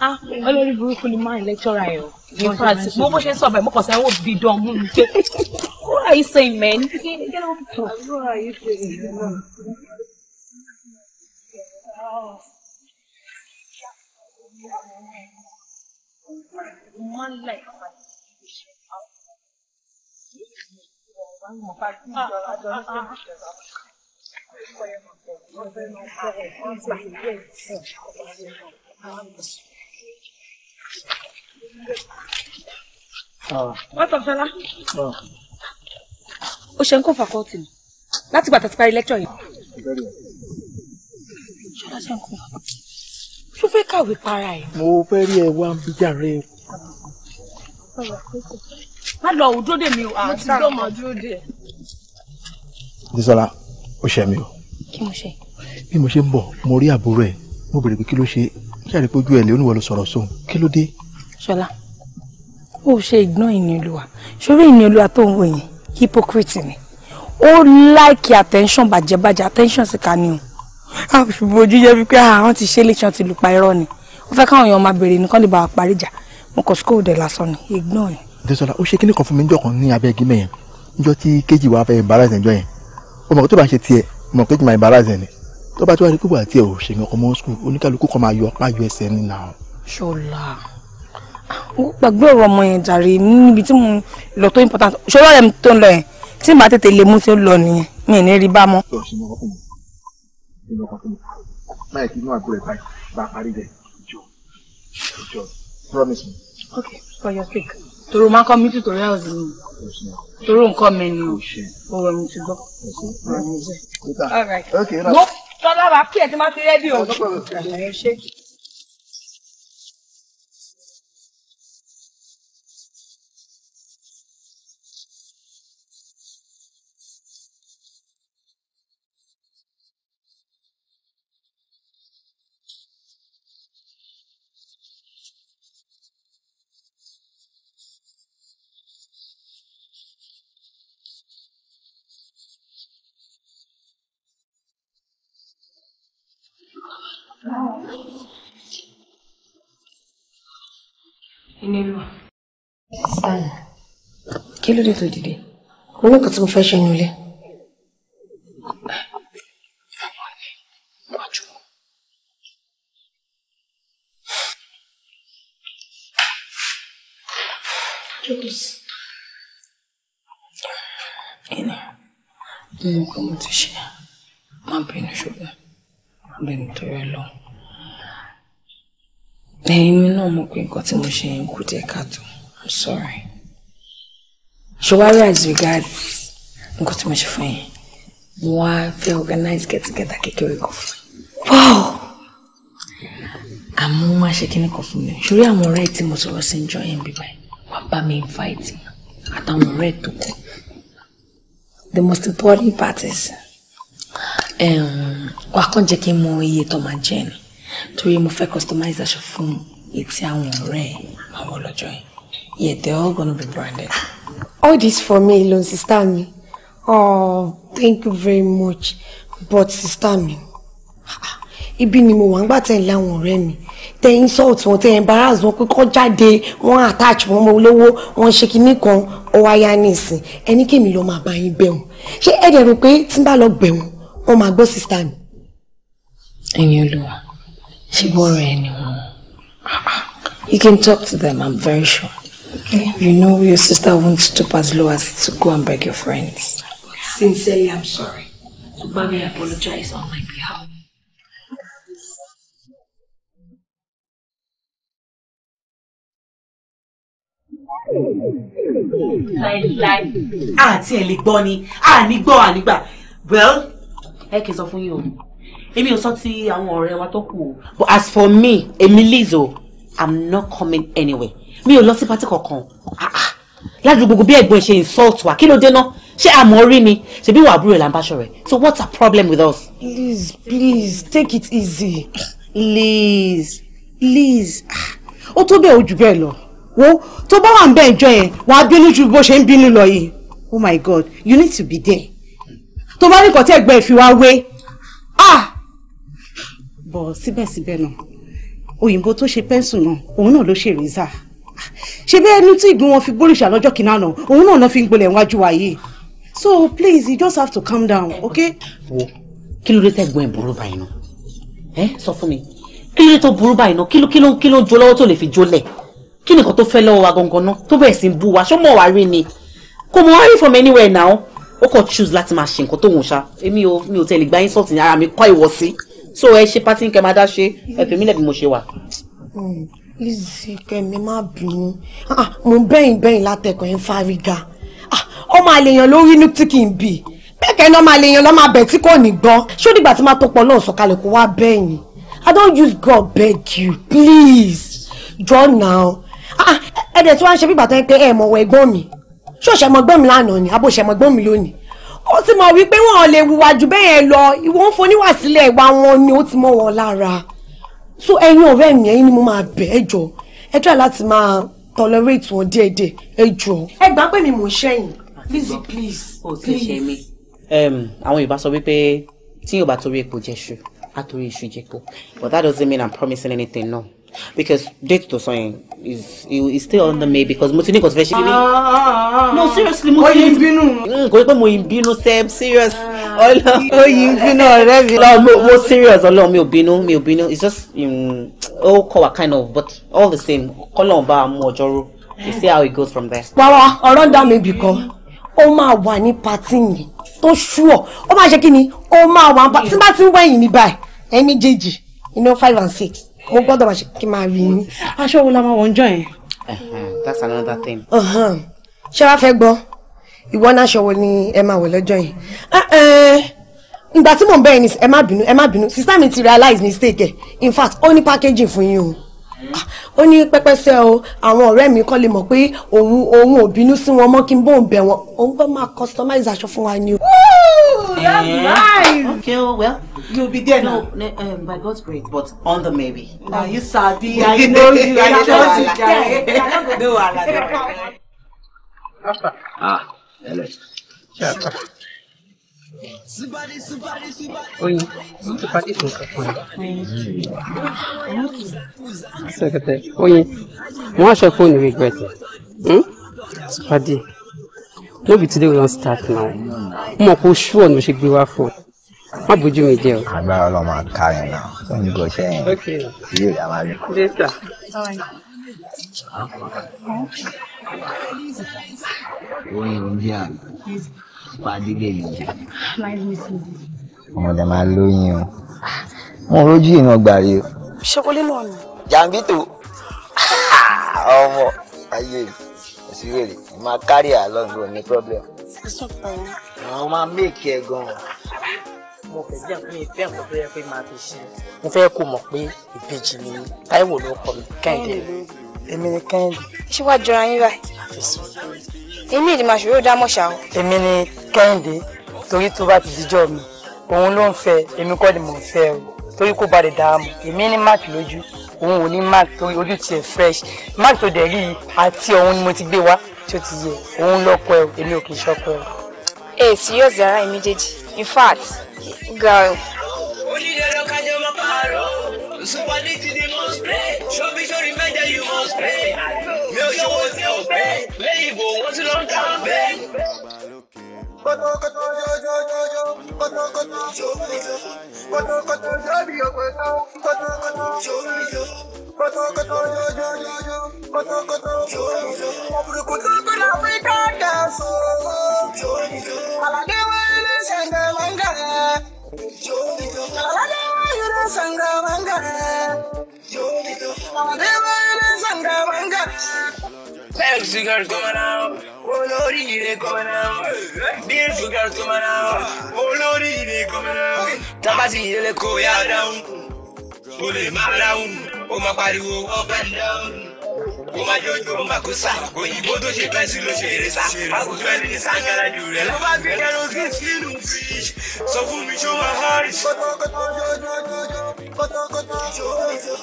Speaker 4: ah olórí
Speaker 2: burúkú ni máa ń lẹ́kítọ́ra ẹ̀ o. in fact mo bó ṣe ń sọ̀rọ̀ mo kàn sẹ́wọ́ bíi dán mú mi pé what are you saying man.
Speaker 4: One life. Ah, ah, ah,
Speaker 2: ah. Bátọ̀fẹ́lá. Ah. Ah. O ṣe ń kó fàkọ́ọ̀tì mi láti gbà tàti parí lẹ́kṣọ̀ yẹn. Ṣọlá ṣe ń kó fàkọ́ọ̀tì. Tó fẹ́ kàwé para ẹ̀.
Speaker 5: Mo fẹ́ rí ẹ wá ń bí jàre.
Speaker 2: Má lọ òwú dóde mi o, àwọn ti dó mọ dúró dé.
Speaker 5: Dísọ́lá, ó ṣe mi o. Kí mo ṣe? Bí mo ṣe ń bọ̀, mo rí àbúrò ẹ̀, mo bèrè pé kí ló ṣe é ṣe àrí pé ojú ẹ̀ lé oníwọ̀ ló sọ̀rọ̀ sóhun kí ló dé.
Speaker 2: ṣọlá ó ṣe ìgbọ́n ìní olúwa ṣorí tó ń wò hypocrite ni ó láìkì attention bàjẹ́bàjẹ́ attention sì ká ní o àṣùbọ̀ ojú yẹ wípé àwọn ah, ti ṣe léṣan ti lupa irọ́ ni ó fẹ́ káwọn èèyàn máa béèrè nìkan lè bá wa parí ìjà mo kàn skóò dẹ̀ lásán ni ìgbọ́n ni. Dẹ́sọ́lá ó ṣe kíní
Speaker 5: kan fún mi níjọ́ kan ní abẹ́ gímẹ̀ yẹn níjọ́ tí kéjì wa fẹ́ embarrass ẹ̀jọ́ yẹn ó mọ̀ kó tó bá ṣe tiẹ̀ mọ̀ kéjì máa embarrass ẹ̀ ni tó bá tí wàá rí pípọ̀ àti ẹ̀ ò ṣe nǹkan mọ́ skul oníkálukú kan máa yọ ká yọ ẹsẹ̀ ní nà.
Speaker 2: ṣọlá ó gbàgbé ọ̀rọ̀ ọmọ yẹn jàre níbi tí mo lọ tó important ṣọlá rẹ̀ tó ń lọ yẹn tí màá tètè lè mú tí ó lọ nìyẹn mi ì ní rí bá mọ́. okay for your sake toro máa kọ́ toro nǹkan mi o rọrùn ti gbọ́ tọ́lá wa pé ẹ ti máa fi rẹ́díò.
Speaker 4: Inelúwa. Sáyà,
Speaker 2: kí ló dé tó dìde? Mo ní nǹkan tí mo fẹ́ ṣe nílé.
Speaker 4: Ine, mo mọ̀ pé mo ti ṣe.
Speaker 2: Má bínú ṣùgbọ́n, má bínú torí ẹ lọ́wọ́ èmi náà mo pé nǹkan tí mo ṣe yẹn kù díẹ̀ káàtó i'm sorry ṣọwárí as regards nǹkan tí mo ṣe fún yẹn mo wá fẹ́ organize get together kékeré kan fún wow àmọ́ wọ́n á ṣe kíní kan fún mi ṣorí àwọn ọ̀rẹ́ tí mo sọ̀rọ̀ sí ń jọ yẹn bíbá yìí wọ́n bá mi invite àtàwọn ọ̀rẹ́ tó kù the most important part is um, wàá kàn jẹ́ kí n mọ iye tó máa jẹ́ ni torí mo fẹ́ customize aṣọ fún etí àwọn ọ̀rẹ́ àwọn ọlọ́jọ́ yìí yeah they all gonna be branded. all this for me alone sister mi oh thank you very much but sister mi ibi ni mo wà ń gbà tẹ̀lé àwọn ọ̀rẹ́ mi tẹ insult wọn tẹ embarrass wọn pé kó jáde wọn attach wọn mọ olówó wọn ṣe kinní kan ọwọ aya nísìn ẹni kèmi lọ máa bá yín bẹ̀ wọ́n ṣé ẹ dẹ̀ rò pé tí n bá lọ bẹ̀ wọ́n máa gbọ́ sister mi. ẹ̀yin olùwà ṣe bọ́ọ̀rọ̀ ẹ ni You can talk to them, I'm very sure. Okay. You know your sister won't stoop as low as to go and beg your friends. sincerely, I'm sorry. Mommy I apologize on my behalf. Àti ah, ẹ̀ lè gbọ́ ni, àní ah, gbọ́ ànígbà. Well, ẹ kì í sọ fún èmi ò sọ ti àwọn ọ̀rẹ́ wa tó kù o. but as for me èmi Liz o i'm not coming anywhere mi ò lọ sí pátì kankan ah, ah. ládùúgbò gbogbo bí ẹ̀gbọ́n ṣe insult wa kí ló dé náà ṣé àmọ́ rí ni ṣebí wà àbúrò làǹbáṣọ rẹ̀ so what's our problem with us. please please take it easy. please please ah, ó tó bẹ́ẹ̀ ojú bẹ́ẹ̀ lọ wo tó bá wà ń bẹ́ẹ̀ jọ yẹn wà á bínú ju bó ṣe ń bínú lọ yìí oh my god you need to be there tó bá rí nǹkan tí ẹ̀gbọ́n ẹ̀ fi wá ah bọ̀ síbẹ̀síbẹ̀ náà òyìnbó tó ṣe pẹ́ńsù náà òun náà ló ṣe rèézà ṣe bẹ́ẹ̀ ní tí ìgbín wọn fi bórìṣà lọ́jọ́ kìnnà náà òun náà náà fi ń gbolẹ̀ wájú wa so please you just have to calm down okay. wo kí ló dé tẹ́ gbọ́n ẹ̀ burú báyìí náà ẹ sọ fún mi kí ló dé tó burú báyìí náà kí ló kí ló kí ló jó lọ́wọ́ tó lè fi jólẹ̀ kí nìkan tó fẹ́ lọ́wọ́ wa gangan náà tó bẹ̀rẹ̀ sí ń bú wa ṣó mọ̀ wá rí ni kò mọ̀ wá rí from anywhere now ó kàn choose láti máa ṣe nǹkan tó wùn ṣá èmi ò mi ò tẹ̀lé gbá insult ní ara mi kọ́ ìwọ sí so ẹ ṣe pátí ní kẹ́ máa dá ṣe ẹ fèmí lẹ̀ bí mo ṣe wà. Mm, Lizzy Kẹ́mi má bínú ah, mo ń bẹ́yìn bẹ́yìn látẹ̀kọ̀ ẹ̀ ń fárígà ah, ọmọ àlèyàn ló rí inú tí kì í bì bẹ́ẹ̀ kẹ́ ẹ̀ náà máa lèyàn lọ́mọ abẹ̀ tí kò ní gbọ́ ṣé dìgbà tí máa tó pọ̀ náà sọ̀kalẹ̀ kó wá bẹ́yìn I don't use God beg you please draw now ah, ẹ̀dẹ̀ tí wọ́n á ṣe bí bàtà ẹ pé ẹ̀ mọ̀wọ́ ẹ̀gbọ́n mi ṣé òṣèmọ̀gbọ́n mi lánàá ni àbòṣèmọ̀gbọ́n mi lónìí ó ti mọ̀ wípé wọn lè wùwà jù bẹ́ẹ̀ yẹn lọ ìwọ ń foníwà sílẹ̀ ìwà wọn ni ó ti mọ̀ wọn lára so ẹ̀yin ọ̀rẹ́ mi ẹ̀yin ni mo máa bẹ̀ ẹ́ jọ ẹ try láti máa tolerate wọn díẹ̀díẹ̀ ẹ jọ. ẹ gbà pé mi mò ń ṣẹ̀yìn please please please. àwọn Yorùbá sọ wípé tí Yorùbá torí epo jẹ ṣu á torí iṣu jẹ po but that doesn't mean I'm promising anything now because date to sign is is still under me because mo ti ní kò no seriously mm, mo ti ní. oyin bínú. kò ní pẹ́ serious Oh oyin bínú ọ̀rẹ́ mi. ọlọ mo mo serious ọlọ mi ò bínú mi it's just um, all wa kind of but all the same kọ́lọ̀ bá a you see how it goes from there. wàá around that maybe bì kan ó máa wà ní patí yìí tó ṣúọ̀ ó máa ṣe kí ni ó máa wà ní patí tí bá ti ń wẹ̀yìn mi báyìí five and six mo gbọ́dọ̀ wá kí n máa rí yín. aṣọ wo la máa wọ̀ ń yẹn. that's another thing. ṣé wàá fẹ́ gbọ́ ìwọ náà aṣọ wo ni ẹ máa wọ̀ lọ́jọ́ yẹn. Ah, eh, ìgbà tí mò ń bẹ̀rẹ̀ ni ẹ má bínú ẹ má bínú sísá mi ti realize mistake ẹ̀ in fact ó ní packaging fún yín o ah, ó ní pẹ́pẹ́sẹ́ o àwọn ọ̀rẹ́ mi kàn lè mọ̀ pé òun òun ò bínú sí wọn mọ́ kí n bóun bẹ̀ wọ́n òun bá máa customize aṣọ fún wa ni o. Eh, okay oh, well you be there now um, by God's grace but on the na you sabi i i no go do Oi, que parece um cafone. Secretary, oi, one shall phone you regret. Hmm? Sipadi, no be today we don start now. Mo ko sure no ṣe gbé wá fún. Má bójú mi jẹ́ o. Agbára Ọlọ́run máa ká ẹ̀ náà. Ṣé n kò ṣe é? Ok. Yóò dá máa rí.
Speaker 4: Dẹ́sà.
Speaker 5: Oyin oúnjẹ àná
Speaker 4: pa délé nìyẹn.
Speaker 2: ọmọdé máa lóyún o wọn rojú ìran gbàre o. ṣokòlè náà ni. jàǹbìtò
Speaker 3: ah, ọmọ ayé òsínwèrè máa kárí àlọ́ngàn ní problem. àwọn máa méèkì ẹ gan-an.
Speaker 2: mo fẹ́ jẹ́ pé ìfẹ́ nǹkan tó yẹ pé máa fi ṣe. mo fẹ́ kó mọ̀ pé ìbejì ni Táíwò ló kọ mi Kẹ́hìndé èmi ni kẹ́hìndé. ṣé wàá jọra yín báyìí. èmi ìdí màṣúrò dámọ̀ ṣá o. èmi ni kẹ́hìndé torí tó bá ti jíjọ́ mi òun ló ń fẹ́ èmi kọ́ ni mò ń fẹ́ o torí kó ba lè dáa mọ̀ èmi ní máàkì lójú òun ò ní máàkì torí ojú tiẹ̀ fresh máàkì tó dẹ̀ rí i àti òun ni mo ti gbé wá tí ó ti yẹ òun lọ́kọ ẹ̀ èmi ò kì í ṣọkọ ẹ̀. ẹ ẹ sì yóò zara ẹ in fact girl.
Speaker 3: onídẹ̀ẹ́dọ́kájọ́ máa pààrọ̀ ṣùgbọ́n ní ti di mọ́ spray ṣọ́bí ṣọ́rí mẹ́ you must pay. Milk you must milk pay. Label want you long time pay. Kọ̀tọ̀kọ̀tọ̀ jọjọjọjọ, kọ̀tọ̀kọ̀tọ̀ jọjọjọ, kọ̀tọ̀kọ̀tọ̀ jọjọjọ, kọ̀tọ̀kọ̀tọ̀ jọjọjọ, kọ̀tọ̀kọ̀tọ̀ jọjọjọ, kọ̀tọ̀kọ̀tọ̀ jọjọjọ. Ọ̀pọ̀lọpọ̀ tó ń fi dáadáa sọ̀rọ̀. Àlàdé wa ilé sẹ̀ngẹ̀ mọ́ngàrà. Àlàdé wa ilé sẹ̀ngẹ̀ mọ́ngàrà. Àlàdé. Sexy all over now. Olorire, come now. Beautiful girl, come now. Olorire, come coming out. ilé kò yá dáhùn. O lè má dáhùn. O máa pariwo up and down. O máa jojo, makosa. Òyìnbó tó ṣe bẹ́ẹ̀ sí ló ṣe eré sá. Àkùtù ẹni ní sàǹgàrà jù rẹ̀. Ló bá gbé kẹrù sí sínú fíìsì. Sọ fún mi ṣó máa hárì. Kọ́tọ́kọ́tọ́ jọjọjọjọ. Kọ́tọ́kọ́tọ́ jọjọjọ.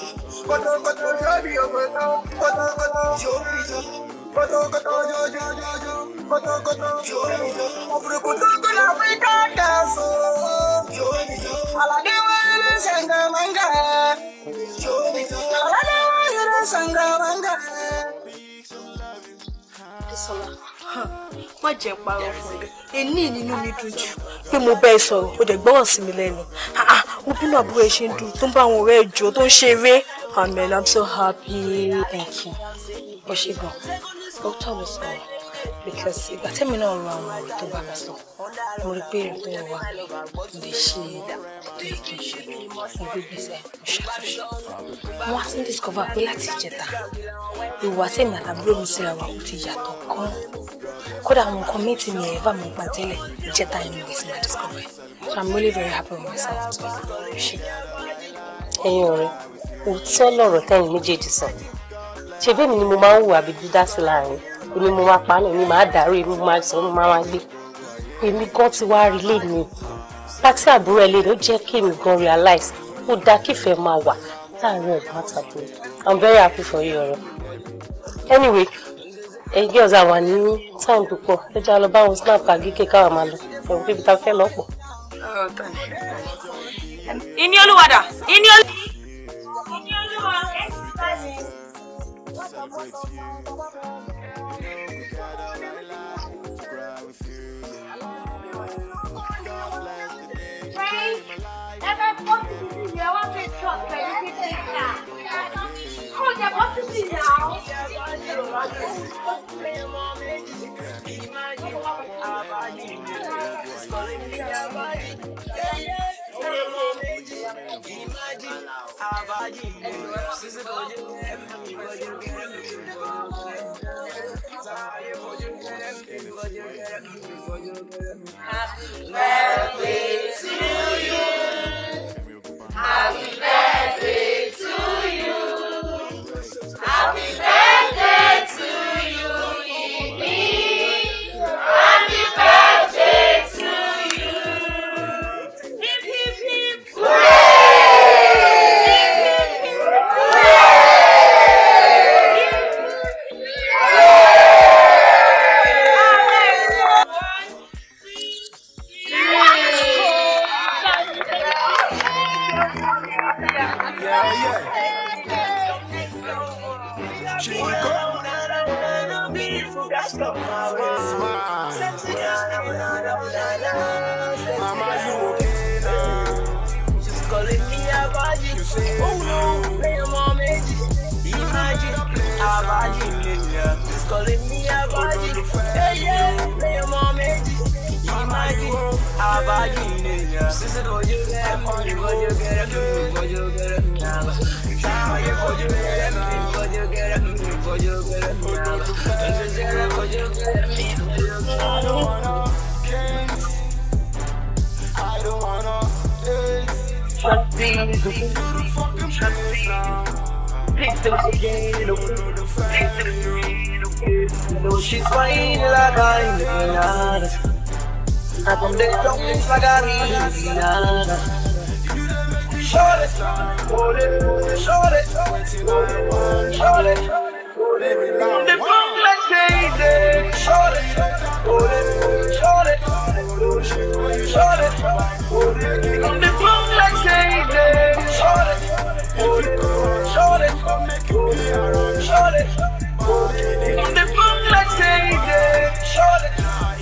Speaker 3: Kọ́tọ́kọ́tọ́ jọjọjọ. Kọ́tọ́kọ́tọ́ jọjọjọ. Kotokoto jo jo
Speaker 2: fún mi. Èní nínú mi dùn jù pé mo bẹ́ẹ̀ sọ̀rọ̀, o dẹ̀ gbọ́rọ̀ sí mi lẹ́nu. Mo bínú àbúrò ẹ̀ ṣe ń dùn tó ń bá àwọn ọ̀rẹ́ ẹ̀ tó ń ṣeré. Amen, I'm so happy. Thank you. Ó gan doctor mi sọ because ìgbà tẹ́mi náà ran àwọn ọ̀rọ̀ tó bá mi sọ mo rí pé ìrìn tó yẹ wá mo lè ṣe tó yẹ kí mo gbé gbèsè mo ṣàtúnṣe mo wá sí discover pé láti ìjẹta ìwà tẹ́mi àtàbúrò mi síra wa ó ti yàtọ̀ gan kódà àwọn nǹkan míì tí mi ẹ̀ bá mi gbà tẹ́lẹ̀ ìjẹta yẹn ni mo máa discover so i'm really very happy with myself too ṣe. ẹ̀yin ọ̀rẹ́ òótọ́ lọ̀rọ̀ tẹ́yin méjèèjì sọ ṣe bẹ́ẹ̀ ni mo máa ń wù àbí dídá sí láàrin èmi mo máa paná èmi máa dàrú èmi máa sọ èmi máa gbé èmi gan ti wá rí lẹ́nu pátí àbúrò ẹ̀ lẹ́nu ó jẹ́ kí èmi gan realize ó dá kífẹ́ máa wà láàrin ẹ̀gbọ́n àtàbúrò I'm very happy for you ọ̀rọ̀ anyway ẹ̀yin girls àwa ní time tó pọ̀ ẹ jẹ́ lọ bá wọn snap àgíkè káwa máa lọ ẹ̀wọ̀n pé ibi ta fẹ́ lọ́pọ̀. ìní olúwadà ìní olúwa.
Speaker 3: celebrate you. You know we got all our to cry with you.
Speaker 2: to be now. Yeah, yeah.
Speaker 3: Happy birthday to you. Happy
Speaker 4: birthday to you. Happy birthday to you. yeah, yeah. Chico.
Speaker 3: Mama, you okay now? Just calling me a virgin. Oh no, play mom, Imagine, a virgin. Just calling me a virgin. Yeah, yeah, play mom. I don't wanna games I don't wanna dates Shut me, do the fucking place now Pick the again, pick the again She's white like I ain't now from day long, it's like I need you. Shorty, shorty, shorty, shorty, shorty, the phone like crazy. Shorty, shorty, shorty,
Speaker 4: shorty, on the phone like crazy. Shorty, shorty, shorty, shorty, on the phone like crazy. Shorty.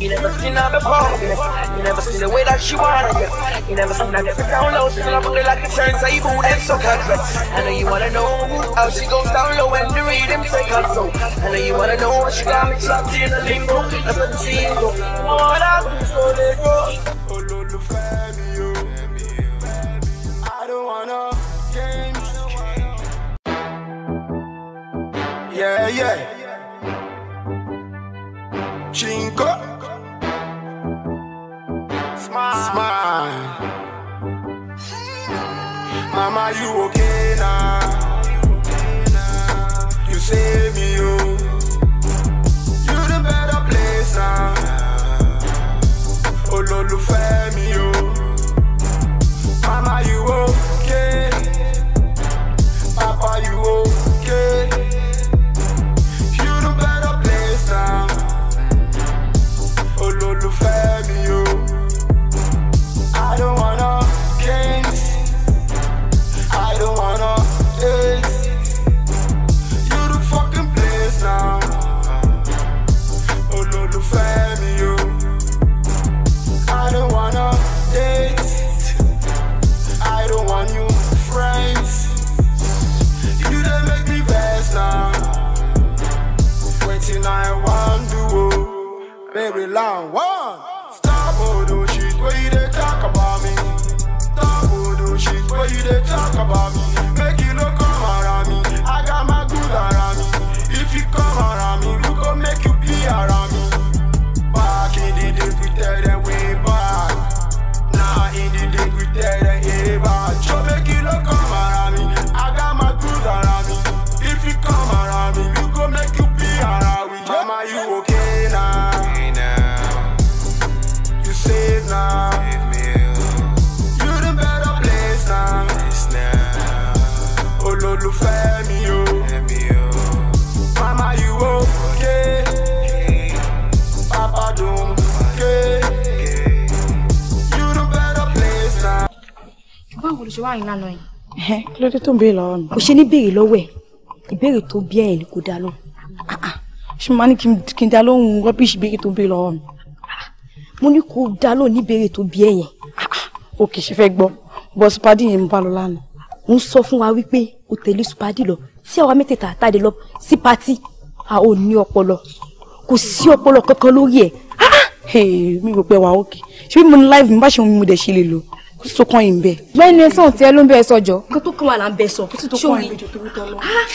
Speaker 3: You never seen her before. You never seen the way that she wanna You never seen her get down low, still up it like a turntable and so her dress. I know you wanna know how she goes down low and the rhythm take her soul. I know you wanna know what she got me trapped in a limbo. That's what I'm seeing go. What up, so let go. I don't wanna games. Yeah, yeah. Chinko. Mama, you okay now? You save me, you. You the better place now. Oh, Olólùfẹ́. down. Whoa! lánàá náà
Speaker 2: yìí. ẹ kí ló dé tó ń béèrè lọ́wọ́ mi. o ṣe ní béèrè lọ́wọ́ ẹ̀ ìbéèrè tó bí ẹ̀yìn ni kò dá lóhùn. Ah, ah. ṣé máa ní kí n dá lóhùn rọ́bìṣì béèrè tó ń béèrè lọ́wọ́ mi. mo ní kó dá lóhùn ní béèrè tó bí ẹ̀yìn. o kì í ṣe fẹ́ gbọ́ bọ́ supadi yẹn ń bá lọ lánàá. ń sọ fún wa wípé o tẹ̀lé supadi lọ tí àwa mẹ́tẹ̀ẹ̀ta àtàdé lọ sí pati a ò ní ọpọlọ kò sí ọpọlọ kankan lórí ẹ̀ ah, mi rò pé wà ókè ṣé mo ní láìpẹ́ mi bá ṣe mo dẹ̀ ṣe lè lò kò sì tó kàn yín bẹ́ẹ̀. lẹ́nu ẹ̀sán tí ẹ ló ń bẹ́ẹ̀ sọ́jọ́. kó tó kàn wà là ń bẹ́ẹ̀ sọ. kó sì tó kàn yín bẹ́ẹ̀ jọ torí tọ́ lọ. Ah!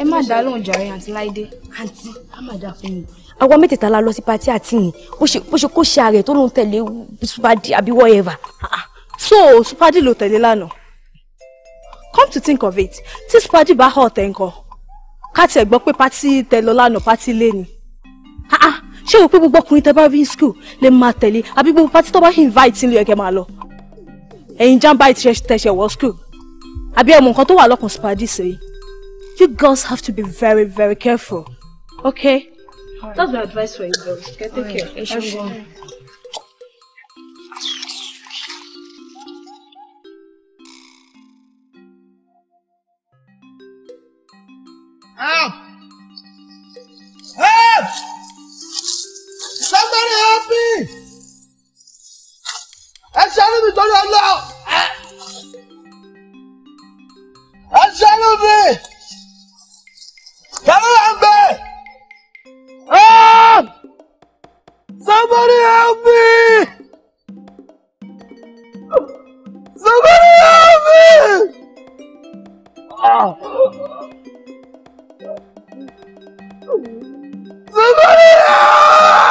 Speaker 2: ẹ má dá lóhùn jàre àǹtí láìdé àǹtí á má dá fún mi àwa mẹ́tẹ̀ẹ̀ta la lọ sí pati àti yìí bó ṣe kó ṣe ààrẹ tó ló ń tẹ̀lé supadi àbí whatever. Ah, ah. so supadi ló tẹ̀lé lánàá come to think of it tí supadi bá hàn tẹ̀ ń kọ́ ká tiẹ̀ gbọ́ pé pati tẹ̀ lọ lánàá pati lé ni ṣé o pé gbogbo ọkùnrin tẹ bá rí school lè máa tẹ̀lé àbí gbogbo pátí tó bá invite nílùú ẹ̀kẹ́ máa lọ ẹ̀yin jàǹbá ìtẹ̀sẹ̀ wọ school àbí ẹ̀mọ nǹkan tó wà lọ́kàn spadis yìí you girls have to be very very careful okay that's my advice for you girls okay take care ẹ ṣùgbọ́n.
Speaker 4: Help!
Speaker 5: Help! very happy. ẹ ṣàánú mi torí ọlọ́
Speaker 1: ẹ ṣàánú mi
Speaker 4: kàrọ́lá ń bẹ. Somebody help me! Somebody help me! Oh. Somebody help!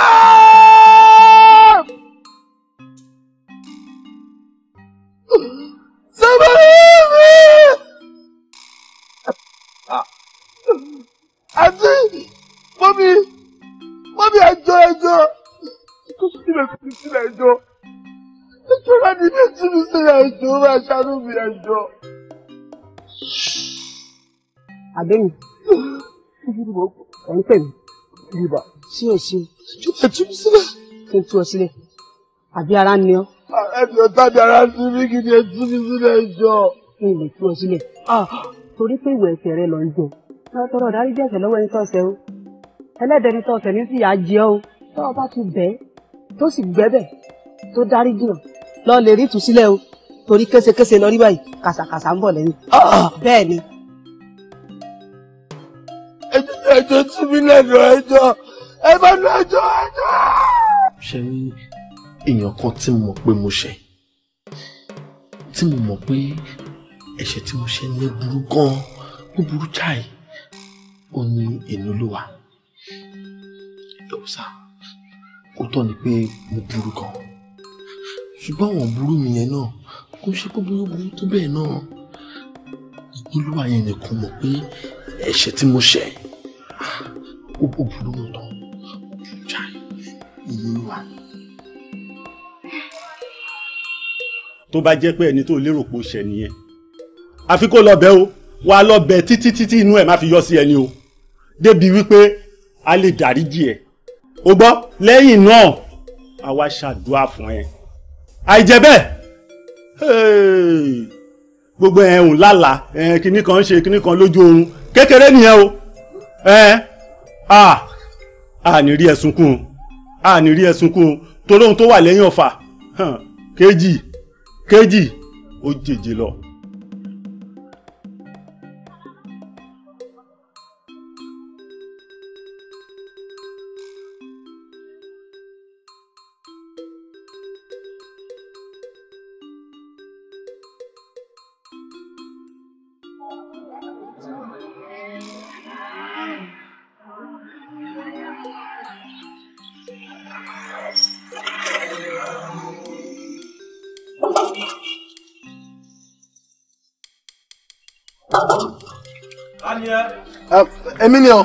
Speaker 4: Ah.
Speaker 3: àti mọ́mí mọ́mí ẹjọ́ ẹjọ́ tó sílẹ̀ sí sílẹ̀ ẹjọ́ ẹjọ́ bá ní ilé tí mi sílẹ̀ ẹjọ́ bá ṣàánú mi ẹjọ́.
Speaker 2: àbẹ́mi ìdìbò ẹ̀ ń pè mí ìdìbò sí èsì. ẹjọ́ ẹjọ́ mi sílẹ̀. kí n tú ọ sílẹ̀ àbí ara ń ni ọ́ ẹjọ tàbí ara sí mi kì í mi sílẹ̀ ẹjọ. mi ò lè tú ọ sílẹ̀ torí pé ìwẹ̀ ẹ̀ṣẹ̀ rẹ lọ ń jọ tọrọ ọ̀dárí jẹ́ lọ́wọ́ ẹni tọ́sẹ̀ o ẹlẹ́dẹ̀ẹ́ni tọ́sẹ̀ ní fìyà jẹ o tọ́ ọ bá ti bẹ́ẹ̀ tó sì gbẹ́bẹ̀ tó dárí jìnà lọ lè rí ìtúsílẹ̀ o torí késekése lọ rí báyìí kàṣàkàṣà ń bọ̀ lẹ́yìn ah! bẹ́ẹ̀ ni.
Speaker 3: ẹjọ́ tí mi lẹ́nu lọ ẹjọ́ ẹjọ́
Speaker 5: èèyàn kan tí mo mọ̀ pé mo ṣẹ̀ tí mo mọ̀ pé ẹ̀ṣẹ̀ tí mo ṣẹ̀ ní burú gan-an ó burú jáì ó ní èmi olúwa ẹ̀wùsà ó tọ́ ni pé mo burú gan-an ṣùgbọ́n àwọn burú mi yẹn náà
Speaker 2: kò ṣe pé bóyá burú
Speaker 5: tó bẹ́ẹ̀ náà olúwa yẹn nìkan mọ̀ pé ẹ̀ṣẹ̀ tí mo ṣẹ̀ ó burú mọ́ tán ó burú
Speaker 1: jáì ìlú wa. tó bá jẹ́ pé ẹni tó lérò pé ó ṣẹ nìyẹn àfi kó lọ bẹ̀ o wà á lọ bẹ̀ títí títí inú ẹ̀ má fi yọ sí ẹni o débi wípé a lè dáríjì ẹ̀ o gbọ́ lẹ́yìn náà àwa ṣàdúrà fún ẹ àìjẹ́ bẹ́ẹ̀ gbogbo ẹ̀ ń lálàá ẹ̀ kìnnì kan ṣe kìnnì kan lójú oorun kékeré nìyẹn o ẹ̀ à à ní rí ẹ̀ sunkún à ní rí ẹ̀ sunkún torí tó wà lẹ́yìn ọ̀fà kejì kejì ó jèjì lọ èmi
Speaker 4: ni ọ.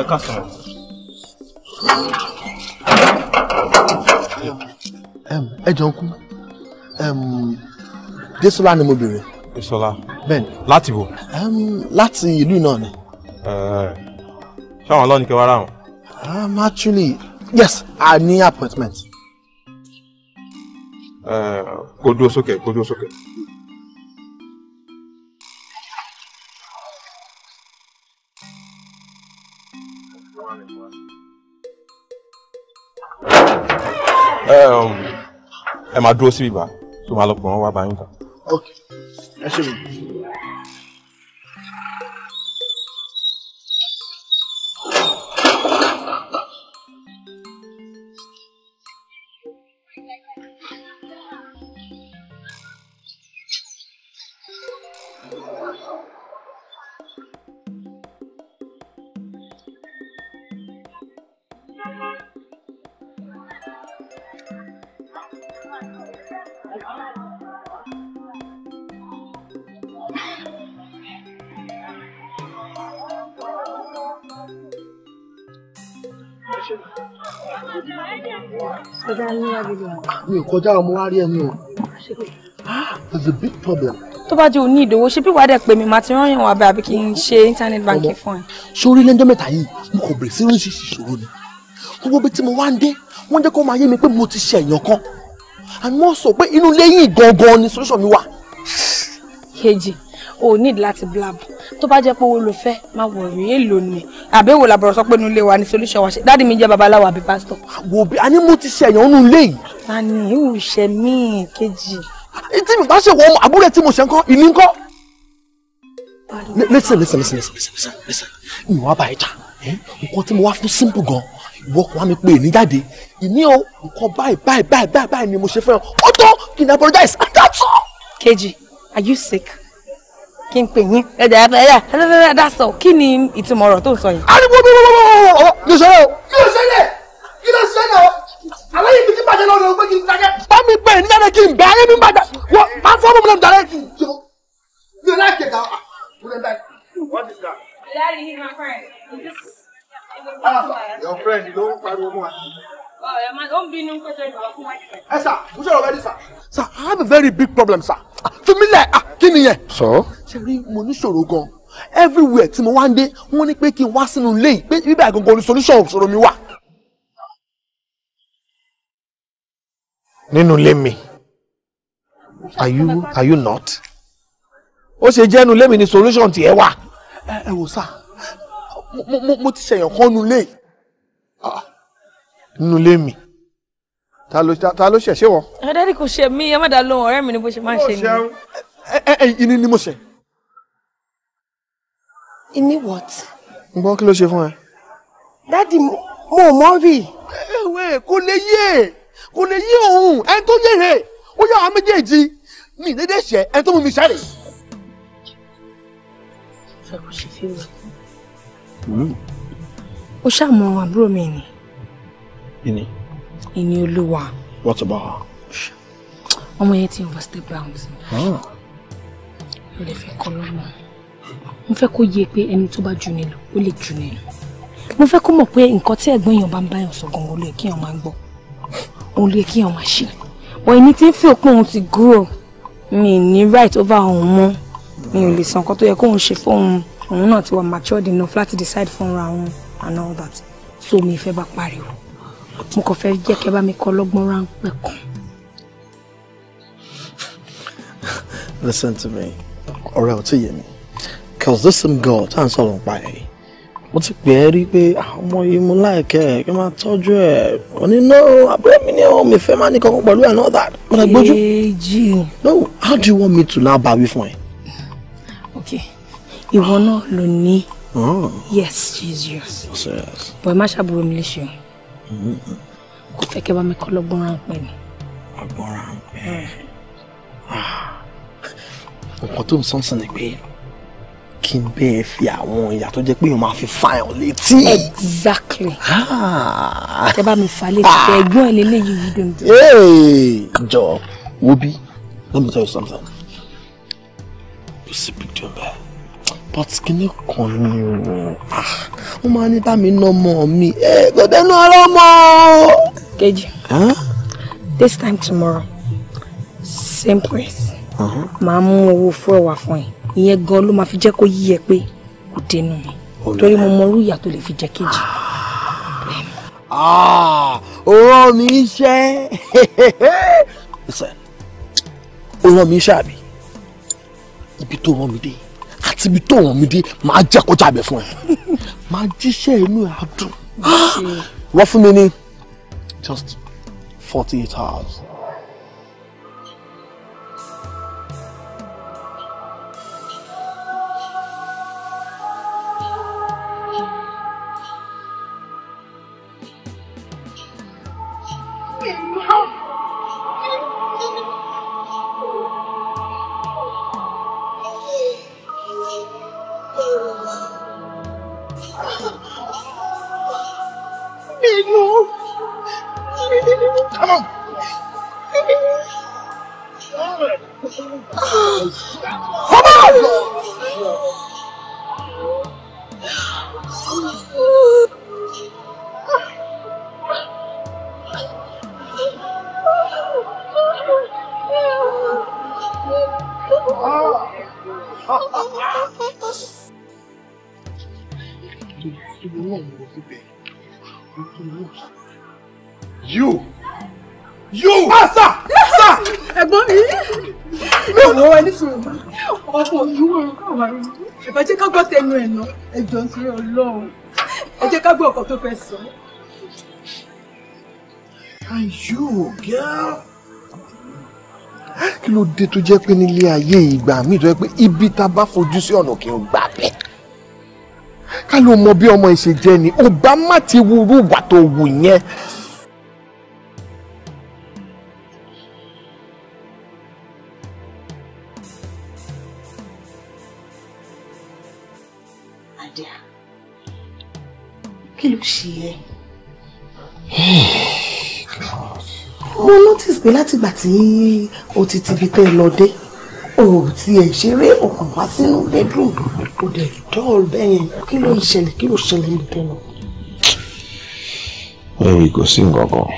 Speaker 4: ẹ ká sọ̀rọ̀.
Speaker 5: ẹ jọ ń kú Désọlá ni mo béèrè. Désọlá. bẹ́ẹ̀ni. láti wo. láti ìlú náà ni. ṣé àwọn ọlọ́ọ̀ni kẹ́ wá rà wọn. Um, actually, yes, I need appointment. Uh, go do okay, go do okay. Um, ẹ máa dúró síbí bá tó máa lọ pọ̀ wọ́n wá bá yín ta.
Speaker 3: ok
Speaker 4: ẹ ṣe mi. mi
Speaker 5: kọjá ọmọ wa rí ẹni o that's a big problem.
Speaker 2: tó bá jẹ́ o ní ìdòwò ṣé bí wàá dẹ̀ pè mí màá ti rán ìwọ̀n abẹ́ àbí kí n ṣe internet banking fún ẹ. sórí
Speaker 5: lẹ́jọ́ mẹ́ta yìí mo kò bẹ̀rẹ̀ sí oríṣiríṣi ìṣòro ni
Speaker 2: gbogbo bí tí mo wá ń dé wọ́n jẹ́ kó máa yé mi pé
Speaker 5: mo ti ṣe èèyàn kan and more so pé inú lẹ́yìn gangan ni solution mi wà.
Speaker 2: kejì o need láti blab tó bá jẹ́ pé owó ló fẹ́ má wọ̀rí èlò ni àbẹ̀wò làbọ̀rọ̀ sọ pé inú ilé wa ni solution wa ṣe dáàdi mi jẹ́ babaláwo àbí pásítọ̀. wò bí a ní mo ti ṣe ẹ̀yàn nínú ilé yìí. ta ni ìwù ṣe mí kejì. tí mi bá ṣe wọ ọmọ tí mo ṣe ń kọ́ ìní ń kọ́.
Speaker 5: listen listen listen listen listen listen mi wá bá ẹ jà nǹkan tí mo wá fún simple gan-an ìwọ kò wá mi pé èmi jáde èmi o nǹkan
Speaker 2: báyìí báyìí báyìí báyìí báyìí ni mo ṣe fẹ́ ọ tó kí n apologize and that's all. kejì are you sick kí n pè yín ẹ̀dá ẹ̀dá ẹ̀dá that's all kí ni ìtumọ̀ ọ̀rọ̀ tó ń sọ yìí. ariwo bí wọ́n wọ́n wọ́n kí ló ṣẹlẹ̀ kí ló ṣẹlẹ̀ kí ló ṣẹlẹ̀ o aláyé mi
Speaker 5: ti bàjẹ́ lọ́wọ́ lọ́wọ́ pé kí n dájẹ́. bá mi pè ní jáde kí n bẹ ayé mi bàjẹ́ wọ́n máa
Speaker 2: fọ́ Ah, your
Speaker 5: friend, you don't pariwo mọ́.
Speaker 2: Ẹ eh,
Speaker 3: eh,
Speaker 2: eh, sà,
Speaker 5: mo ṣe ọ̀rọ̀ ẹ ní sà. Sir, I have a very big problem, sir. Ah, Fimilẹ̀, ah, kí ni yẹn? Sọ. Ṣé rí mo ní ṣòro gan-an? Everywhere tí mo wá ń dé, wọ́n ní pé kí n wá sínú ilé yìí, pé bíbẹ̀ àgọ́gọ́ ni solution ṣòro mi wà. Nínú ilé mi, are you are you not? Ó ṣe jẹ́nu ilé mi ni solution tiẹ̀ wà. Ẹ wò sáà mo ti ṣèyàn kan nulẹ̀ ah, nulẹ̀ mi ta ló ta ló ṣẹ̀ ṣé wọ.
Speaker 2: ọ̀dẹ́rì kò ṣe mí ẹ má dàá lóhùn ọ̀rẹ́ mi ni bó ṣe máa ṣe ni. ẹ
Speaker 5: ẹ ìní ni mo ṣe. ìní what. gbọ́ kí ló ṣe fún ẹ.
Speaker 2: dádì mo mọ rí. ẹwẹ kò lè yé
Speaker 5: kò lè yé òun ẹni tó yẹrẹ ó yà á méjèèjì mi dédé ṣe ẹni tó mú mi ṣàlè.
Speaker 2: fẹ́ kó ṣe fi wẹ̀ sùúrù. ó ṣàmọ àbúrò mi ni. ìní. ìní olúwa.
Speaker 5: what about her.
Speaker 2: ọmọ yẹn ti overstep bounds.
Speaker 5: Ah. mo
Speaker 2: lè fẹ́ kọ́ lọ́mọ. mo fẹ́ kó yé pé ẹni tó bá jù ní lọ ó lè jù ní lọ. mo fẹ́ kó mọ̀ pé nǹkan tí ẹ̀gbọ́n èèyàn bá ń bá èèyàn sọ gan-an ló yẹ kí èèyàn máa gbọ́ òun ló kí èèyàn máa ṣe. bọ̀ ẹni tí ń fi òpin òun ti grow mi ní right over òun mọ́ mi ò lè san nǹkan tó yẹ kóun ṣe fóun òun náà ti wà matured enough láti decide fúnra òun and all that so mi fẹ́ bá pariwo mo kàn fẹ́ jẹ́ kẹ́ bá mi kọ́ lọ́gbọ́n ráńpẹ́ kan.
Speaker 5: listen to me ọ̀rẹ́ ò tí yé mi cause this same girl tá à ń sọ̀rọ̀ nípa ẹ̀ mo ti pè é rí pé ah, ọmọ yìí mo láìkẹ́ ẹ̀ kí n máa tọ́jú ẹ̀ ò ní no abúlé mi ní ọmọ
Speaker 2: ìfẹ́ máa ní kankan pẹ̀lú ẹ̀ náà that. mo lè gbójú.
Speaker 5: no how do you want me to now bá wí fún ẹ
Speaker 2: ìwọ náà ló ní. Oh. yes Jesus. is yours. serious. bọ̀ ẹ má ṣàbúrò mi léṣe o. Mm-hmm. kò fẹ́ kẹ́ bá mi kọ́ lọ́gbọ́n ráńpẹ́ ni. ọgbọ́n ráńpẹ́. Mm. Ah.
Speaker 5: nǹkan tó ń sọ́nsọ́n ni pé kí n bẹ́ẹ̀ fi àwọn ìyà tó jẹ́ pé èèyàn máa fi fa ẹ̀hàn
Speaker 2: létí. exactly. tẹ ah. bá mi fa létí tẹ ah. ẹ̀gbọ́n ẹ lélẹyìí yìí
Speaker 5: dundun. jọ wo bí let me tell you something. You sí big deal bẹ́ẹ̀ but kìíní kan ni o ah,
Speaker 2: ó máa ní bá mi ná ọmọ mi ẹ kò dẹnu ọ̀rọ̀ ọmọ. kejì this time tomorrow same place uh-huh. máa mú owó fún ẹwà fún ẹ ìyẹn gan ló máa fi jẹ́ kó yí ẹ pé kò dẹnu mi torí mo mọ irú ìyà tó lè fi jẹ kejì ó ah, rán mi iṣẹ́ ó rán mi iṣẹ́ àbí
Speaker 5: ibi tó rán mi dé àti ibi tó ràn mí dé máa jẹ́ kọjá abẹ fún ẹ máa jíṣẹ́ inú ẹ̀ á dùn wọ́n fún mi ní just forty eight hours.
Speaker 2: lọ́rùn ẹ̀ náà ẹjọ́ nítorí ọlọ́run ẹ jẹ́ ká gbọ́ ọ̀kan tó fẹ́ sọ. ayo girl
Speaker 5: kí ló dé tó jẹ́ pé nílé ayé ìgbà míì tó jẹ́ pé ibi tá a bá fojú sí ọ̀nà kì í gbà bẹ́ẹ̀ ká ló mọ bí ọmọ ìṣèjẹ ni ò má ti wúrú wà tó wù yẹn
Speaker 2: kí ló ṣe ẹ́. mo notice pé látìgbà tí o ti ti fi tẹ́ ẹ lọ dé o ti ẹ̀ ṣeré ọkàn wá sínú bedroom o dẹ̀ dọ́ọ̀lù bẹ́ẹ̀ yẹn kí ló ń ṣẹlẹ̀ kí ló ṣẹlẹ̀ ní tẹ́lọ̀.
Speaker 5: ẹ̀rí kò sí nǹkan kan.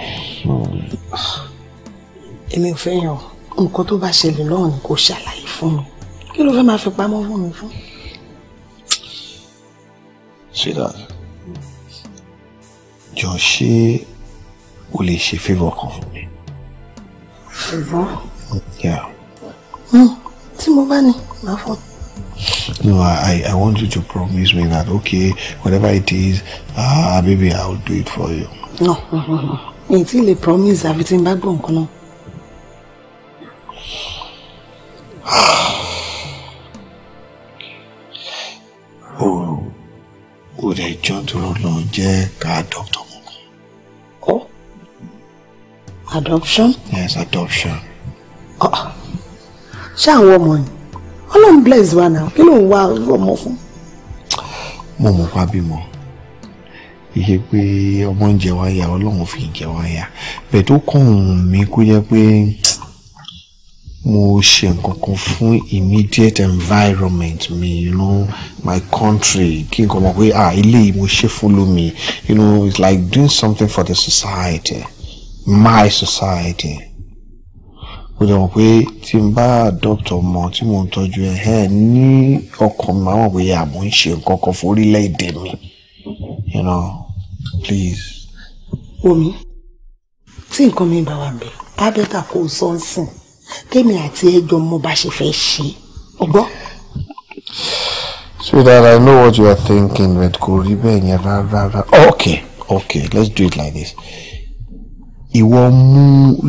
Speaker 2: èmi ò fẹ́ yàn nǹkan tó bá ṣẹlẹ̀ lọ́wọ́ ni kò ṣàlàyé fún mi kí ló fẹ́ máa fi pamọ́ fún mi fún.
Speaker 5: ṣé dáadáa jọ ṣé o lè ṣe favour kan fún mi. favour. yeah.
Speaker 2: Mm, tí mo bá ní màá fún.
Speaker 5: No, I, I want you to promise me that, okay, whatever it is, ah, uh, baby, I'll do it for you.
Speaker 2: No, no, no, no. Mi ti lè promise everything tí n bá gbọ́ nǹkan náà.
Speaker 5: o ò dẹ̀ jọ́ tó lọ́ọ́ jẹ́ ká dọ́kítọ̀. Oh,
Speaker 2: adoption. yes
Speaker 5: adoption.
Speaker 2: Oh, àwọn ọmọ yìí ọlọ́run bless wa náà kí ló ń wá ọmọ fún.
Speaker 5: mo mọ̀ pa bímọ mo. pé ọmọ ń jẹ wá yà ọlọ́run fi ń jẹ wá yà bẹ́ẹ̀ tó kàn mí kó Pe mo ṣe nǹkan kan fún immediate environment mi you know my country kí n kò mọ̀ pé ah ilé yìí mo ṣe fún lómi you know it's like doing something for the society my society mo dẹ̀ mọ̀ pé tí n bá adopt ọmọ tí mo ń tọ́jú ẹ̀ ẹ́ ní ọkàn mi àwọn òwe àmọ́ ń ṣe nǹkan kan fún orílẹ̀-èdè mi you know please.
Speaker 2: omi tí nǹkan mi bá wà bẹ́ẹ̀ á bẹ́ẹ̀ tà kó o kémi àti ẹjọ mo bá ṣe fẹ́ ṣe ọgbọ́n.
Speaker 5: sweetheart i know what you are thinking but kò rí bẹ́ẹ̀ yẹn rárá okay okay let's do it like this ìwọ mú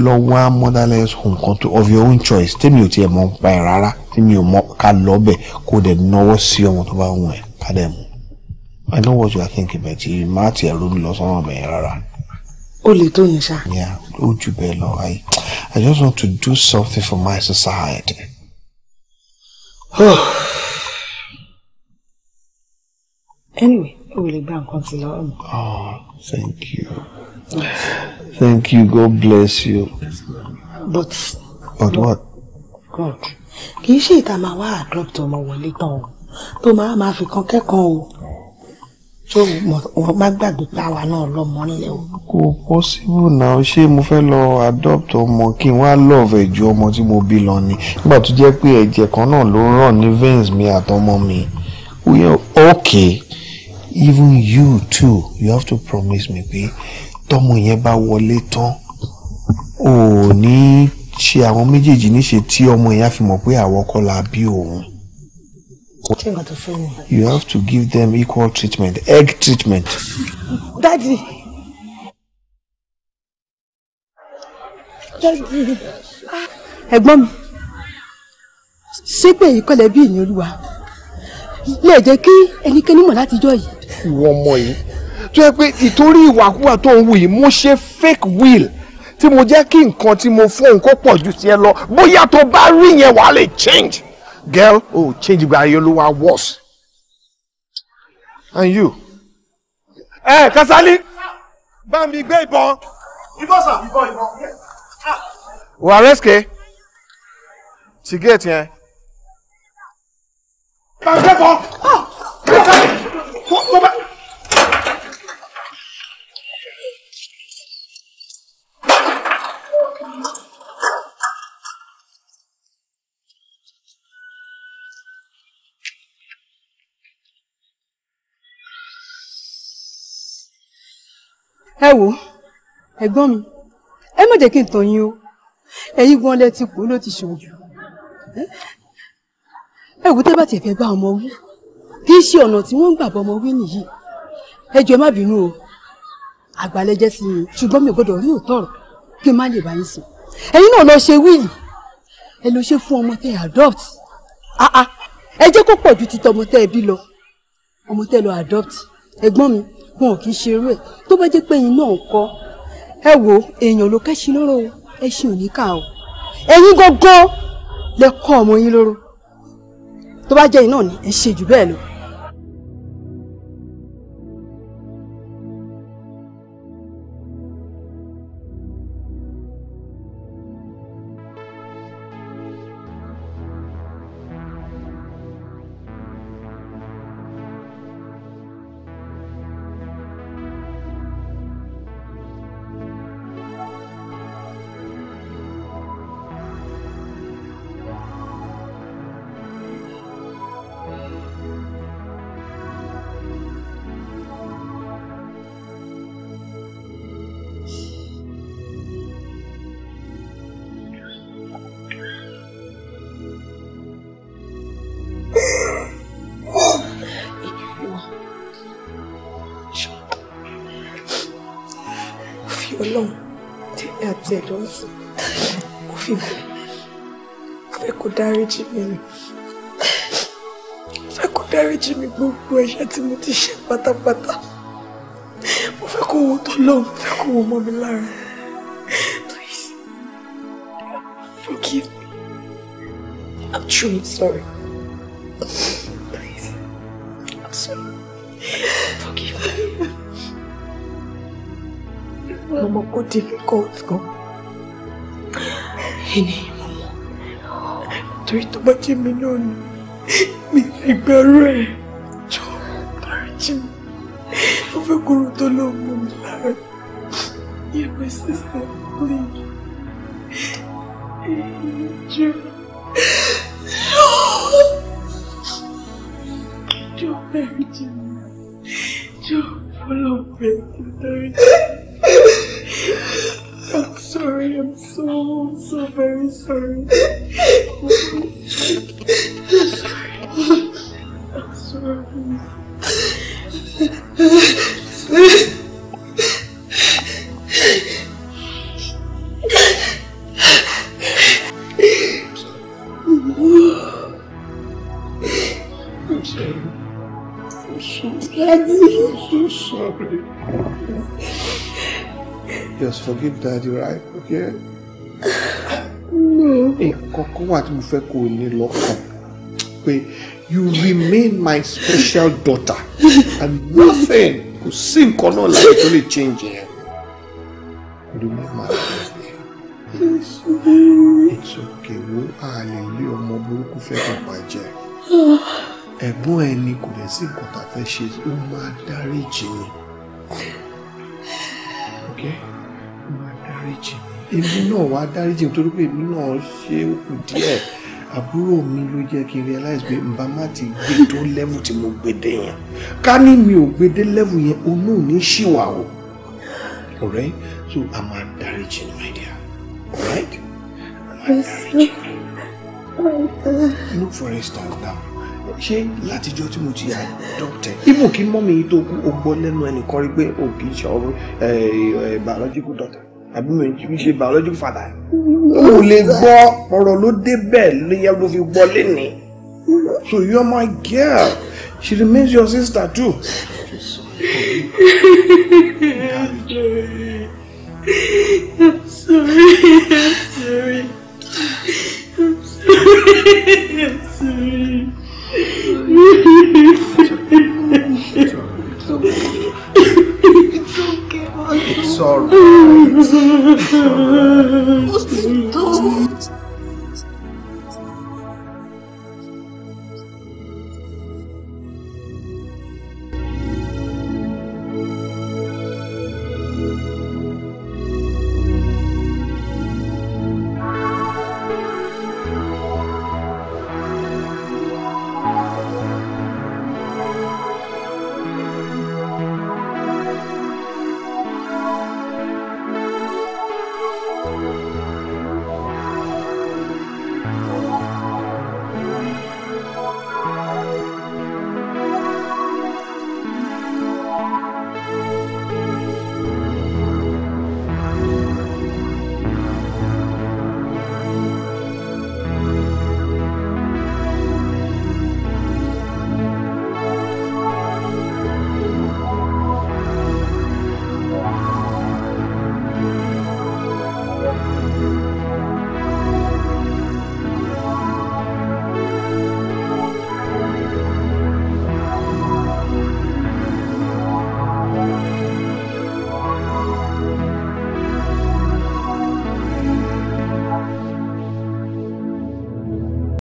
Speaker 5: lọ́wọ́ motherless home kan tó of your own choice tèmi ò tiẹ̀ mọ̀ ń pa ẹ̀ rárá tèmi ò mọ̀ ká lọ bẹ̀ kó dẹ̀ náwó sí ọmọ tó bá wù ẹ̀ ká dẹ̀ mú i know what you are thinking but má tiẹ̀ ronú lọ sọ́nà bẹ̀yẹn rárá ó lè tó yẹn ṣá. yeah ó jù bẹ́ẹ̀ lọ i i just want to do something for my society.
Speaker 2: anyway ó lè gba nǹkan ti lọ oh
Speaker 5: thank you thank you god bless you. but. but what.
Speaker 2: god kì í ṣe ìta máa wá adopt ọmọ wọlé tán o tó máa máa fi kan kẹ́kọ̀ọ́ o tó wọn bá gbàgbé pé àwa náà lọ́mọ nílẹ̀ o.
Speaker 5: kò possible náà ṣé mo fẹ́ lọ adopt ọmọ kí n wá love ẹ̀ ju ọmọ tí mo bí lọ ni nígbà tó jẹ́ pé ẹ̀jẹ̀ kan náà ló ràn ní veins mi àtọmọ mi okay even you too you have to promise me pé tọmọ yẹn bá wọlé tán ò ní ṣe àwọn méjèèjì níṣe tí ọmọ yẹn á fi mọ̀ pé àwọn kọ́ la bí òun. You have to give them equal treatment, egg treatment.
Speaker 2: Daddy. Daddy. Ẹ̀gbọ́n mi, ṣé pé ìkọlẹ̀ bíi ní olúwa? Lè jẹ́ kí ẹnikẹ́ni mọ̀ láti jọ yìí.
Speaker 5: Ìwọ ọmọ yìí, tó yẹ pé ìtorí ìwàkuwà tó ń wù yìí, mo ṣe fake will tí mo jẹ́ kí nǹkan tí mo fún òun kó pọ̀ jù sí ẹ lọ. Bóyá tó bá rí yẹn wàá lè change girl oh change by your olúwa worse and you. ẹ Kasali Bambi, mi gbé ìbọn.
Speaker 3: ìbọn sà ìbọn ìbọn.
Speaker 5: wà á rẹ́sìkè ti géètì yẹn.
Speaker 4: bá mi gbé ìbọn. Ah!
Speaker 2: ẹ wò ẹ̀gbọ́n mi ẹ má jẹ́ kí n tàn yín o ẹ̀yin gan lẹ ti kú ló ti ṣòwò ẹ wò tẹ́ bá tiẹ̀ fẹ́ bá ọmọ wí kì í ṣe ọ̀nà tí wọ́n ń gbà bá ọmọ wí nìyí ẹ jọ̀ọ́ ẹ má bínú o àgbàlẹ́jẹ́ sí mi ṣùgbọ́n mi ò gbọ́dọ̀ rí òótọ́ ọ̀rọ̀ kí n má lè bá yín sùn ẹ̀yin náà lọ ṣe wíìlì ẹ lọ ṣe fún ọmọ tẹ adopt ẹ jẹ́ kó pọ̀ ju ti tọmọ tẹ bí lọ ọmọ tẹ lọ adopt ẹ̀gbọ́n mi wọn ò kì í ṣe irú ẹ̀ tó bá jẹ́ pé ẹ̀yin náà ń kọ́ ẹ wo èèyàn ló kẹ́sí lọ́rọ̀ o ẹṣin ò ní kà o ẹ̀yin gangan lẹ kọ́ ọmọ yín lóró tó bá jẹ́ ẹ̀yin náà ni ẹ ṣe jù bẹ́ẹ̀ lọ.
Speaker 4: sorry. I'm sorry. I'm sorry.
Speaker 5: Just forgive daddy, right? Okay? wà tí mo fẹ́ kó o ní lọ́kàn pé you remain my special daughter and nothing kò sí nǹkan náà láti tó lè change yẹn. it's okay wo a lè lé ọmọ burúkú fẹ́ bàbá jẹ ẹ̀gbọ́n ẹni kò lè sí nǹkan tá a fẹ́ ṣe ó máa dáríjì ni. èmi náà wàá dáríjì nítorí pé èmi náà ṣe é kù díẹ̀ àbúrò mi ló jẹ́ kí n realize pé nbà má ti gbé tó level tí mo gbé dé yẹn ká ní mi ò gbé dé yẹn onú ní ṣìwà o ọ̀rẹ́ so a máa dáríjì ní my dear alright
Speaker 4: a máa dáríjì
Speaker 5: look for instance now ṣé látijọ́ tí mo ti yà dọ́tẹ̀ ibùkún mọ́mi yìí tó kú o gbọ́ lẹ́nu ẹnìkan rí pé o kì í ṣe ọ̀rọ̀ eh, eh, biological doctor àbí mi ò ṣe biological father
Speaker 4: o lè gbọ́
Speaker 5: ọ̀rọ̀ ló débẹ̀ lóyẹ ló fi gbọ́ lẹ́ni so you are my girl she remains your sister too. I'm sorry. I'm sorry. I'm sorry. I'm
Speaker 2: sorry. I'm sorry. I'm
Speaker 4: sorry. It's alright. It's alright.